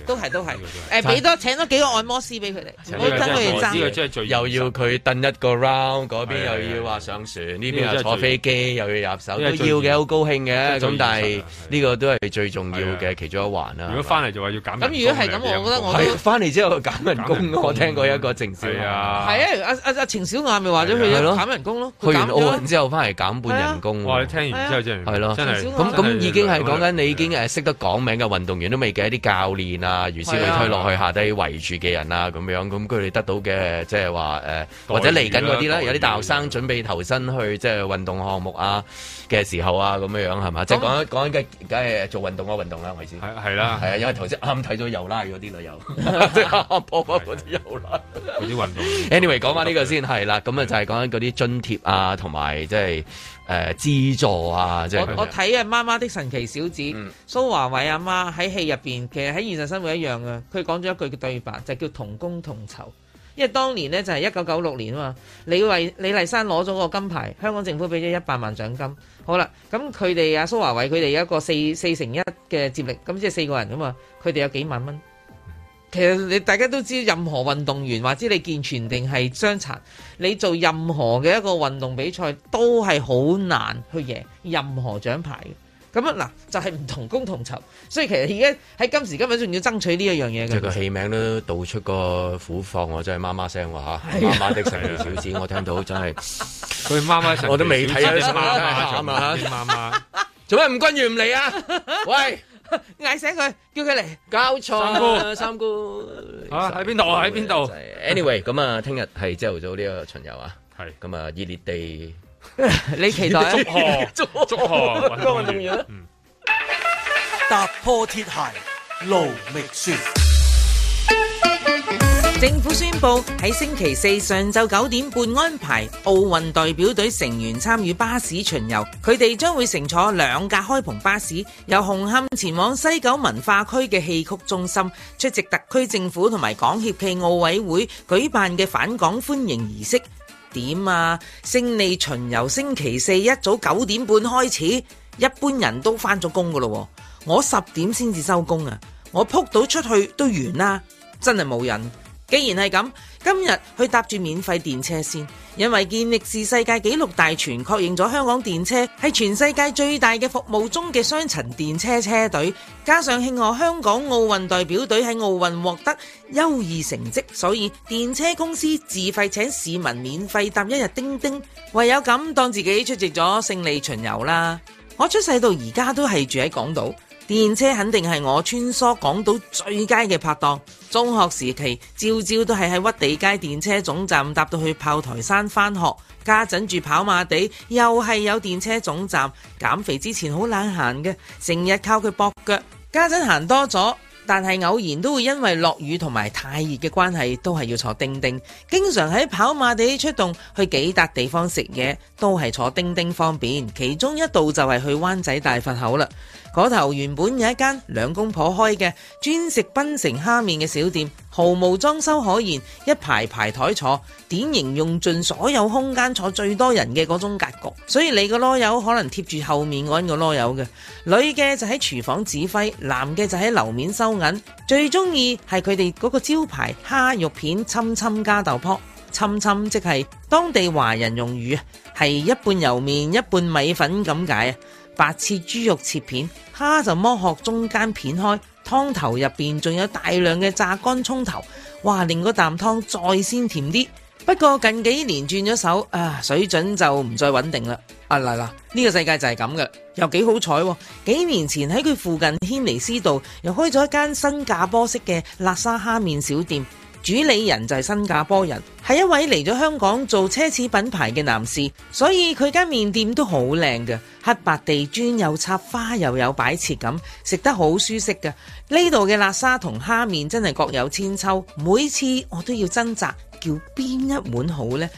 都係，都係，誒，俾多請多幾個按摩師俾佢哋，幫佢哋爭。又要佢蹬一個 round，嗰邊又要話上船，呢邊又坐飛機，又要入手，都要嘅，好高興嘅。咁但係呢個都係最重要嘅其中一環啦。如果翻嚟就話要減人工，咁如果係咁，我覺得我翻嚟之後減人工，我聽過一個程小。係啊，係啊，阿阿程小雅咪話咗佢，減人工咯，佢減奧運之後翻嚟減半人工。你聽完之後真係，係咯，真係。咁咁已經係講緊你已經識得講名嘅運動員都未嘅。一啲教練啊，如此類推落去下低圍住嘅人啊，咁樣咁佢哋得到嘅即係話誒，或者嚟緊嗰啲啦，有啲大學生準備投身去即係運動項目啊嘅時候啊，咁樣係咪？即係講講緊梗梗係做運動啊，運動啦，我意思係係啦，係啊，因為頭先啱睇咗遊啦，嗰啲即係啦，有波波嗰啲遊啦，嗰啲運動。Anyway，講返呢個先係啦，咁就係講緊嗰啲津貼啊，同埋即係。誒、呃、資助啊！即、就是、我睇啊媽媽的神奇小子，嗯、蘇華偉阿媽喺戲入面，其實喺現實生活一樣啊！佢講咗一句對白，就叫同工同酬。因為當年呢，就係一九九六年啊嘛，李麗李麗珊攞咗個金牌，香港政府俾咗一百萬獎金。好啦，咁佢哋啊，蘇華偉佢哋有一個四四乘一嘅接力，咁即係四個人啊嘛，佢哋有幾萬蚊。其實你大家都知，任何運動員或者你健全定係傷殘，你做任何嘅一個運動比賽都係好難去贏任何獎牌嘅。咁啊嗱，就係唔同工同酬，所以其實而家喺今時今日仲要爭取呢一樣嘢嘅。即係個戲名都道出個苦況，我真係媽媽聲話吓，媽、啊、媽是、啊、的神奇小子，我聽到真係佢媽媽，我都未睇啊，媽媽做咩吳君如唔嚟啊？喂！嗌醒佢，叫佢嚟交錯啊！三姑啊，喺邊度啊？喺邊度？Anyway，咁啊，聽日係朝頭早呢個巡遊啊，係咁啊，熱烈地，你期待祝賀祝賀，各位諗住啦，踏破鐵鞋路覓船。政府宣布喺星期四上晝九點半安排奧運代表隊成員參與巴士巡遊，佢哋將會乘坐兩架開篷巴士，由紅磡前往西九文化區嘅戲曲中心，出席特區政府同埋港協暨奧委會舉辦嘅返港歡迎儀式。點啊？勝利巡遊星期四一早九點半開始，一般人都返咗工噶咯，我十點先至收工啊！我撲到出去都完啦，真係冇癮。既然係咁，今日去搭住免費電車先，因為《健力士世界紀錄大全》確認咗香港電車係全世界最大嘅服務中嘅雙層電車車隊，加上慶賀香港奧運代表隊喺奧運獲得優異成績，所以電車公司自費請市民免費搭一日叮叮，唯有咁當自己出席咗勝利巡遊啦。我出世到而家都係住喺港島。電車肯定係我穿梭港島最佳嘅拍檔。中學時期朝朝都係喺屈地街電車總站搭到去炮台山返學，家陣住跑馬地又係有電車總站。減肥之前好懶行嘅，成日靠佢駁腳，家陣行多咗。但係偶然都會因為落雨同埋太熱嘅關係，都係要坐叮叮。經常喺跑馬地出動去幾笪地方食嘢，都係坐叮叮方便。其中一度就係去灣仔大佛口啦，嗰頭原本有一間兩公婆開嘅專食檳城蝦麵嘅小店。毫無裝修可言，一排排枱坐，典型用盡所有空間坐最多人嘅嗰種格局。所以你個囉柚可能貼住後面嗰個囉柚嘅，女嘅就喺廚房指揮，男嘅就喺樓面收銀。最鍾意係佢哋嗰個招牌，蝦肉片侵侵加豆卜。侵侵，即係當地華人用語，係一半油麵一半米粉咁解啊！白切豬肉切片，蝦就剝殼中間片開。湯頭入邊仲有大量嘅炸乾蔥頭，哇！令個啖湯再鮮甜啲。不過近幾年轉咗手，啊水準就唔再穩定啦。啊，嗱嗱，呢個世界就係咁嘅，又幾好彩。幾年前喺佢附近軒尼詩道又開咗一間新加坡式嘅辣沙蝦麵小店。主理人就係新加坡人，係一位嚟咗香港做奢侈品牌嘅男士，所以佢間麵店都好靚嘅，黑白地磚又插花又有擺設咁，食得好舒適嘅。呢度嘅辣沙同蝦麵真係各有千秋，每次我都要掙扎叫邊一碗好呢？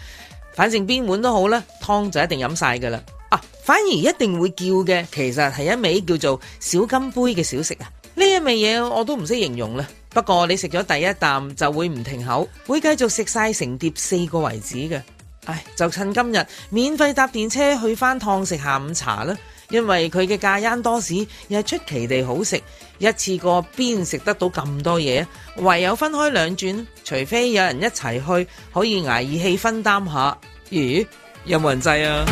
反正邊碗都好啦，湯就一定飲晒㗎啦。啊，反而一定會叫嘅，其實係一味叫做小金杯嘅小食啊，呢一味嘢我都唔識形容啦。不過你食咗第一啖就會唔停口，會繼續食晒成碟四個為止嘅。唉，就趁今日免費搭電車去翻趟食下午茶啦，因為佢嘅架煙多士又係出奇地好食，一次過，邊食得到咁多嘢？唯有分開兩轉，除非有人一齊去可以挨義氣分擔一下。咦，有冇人制啊？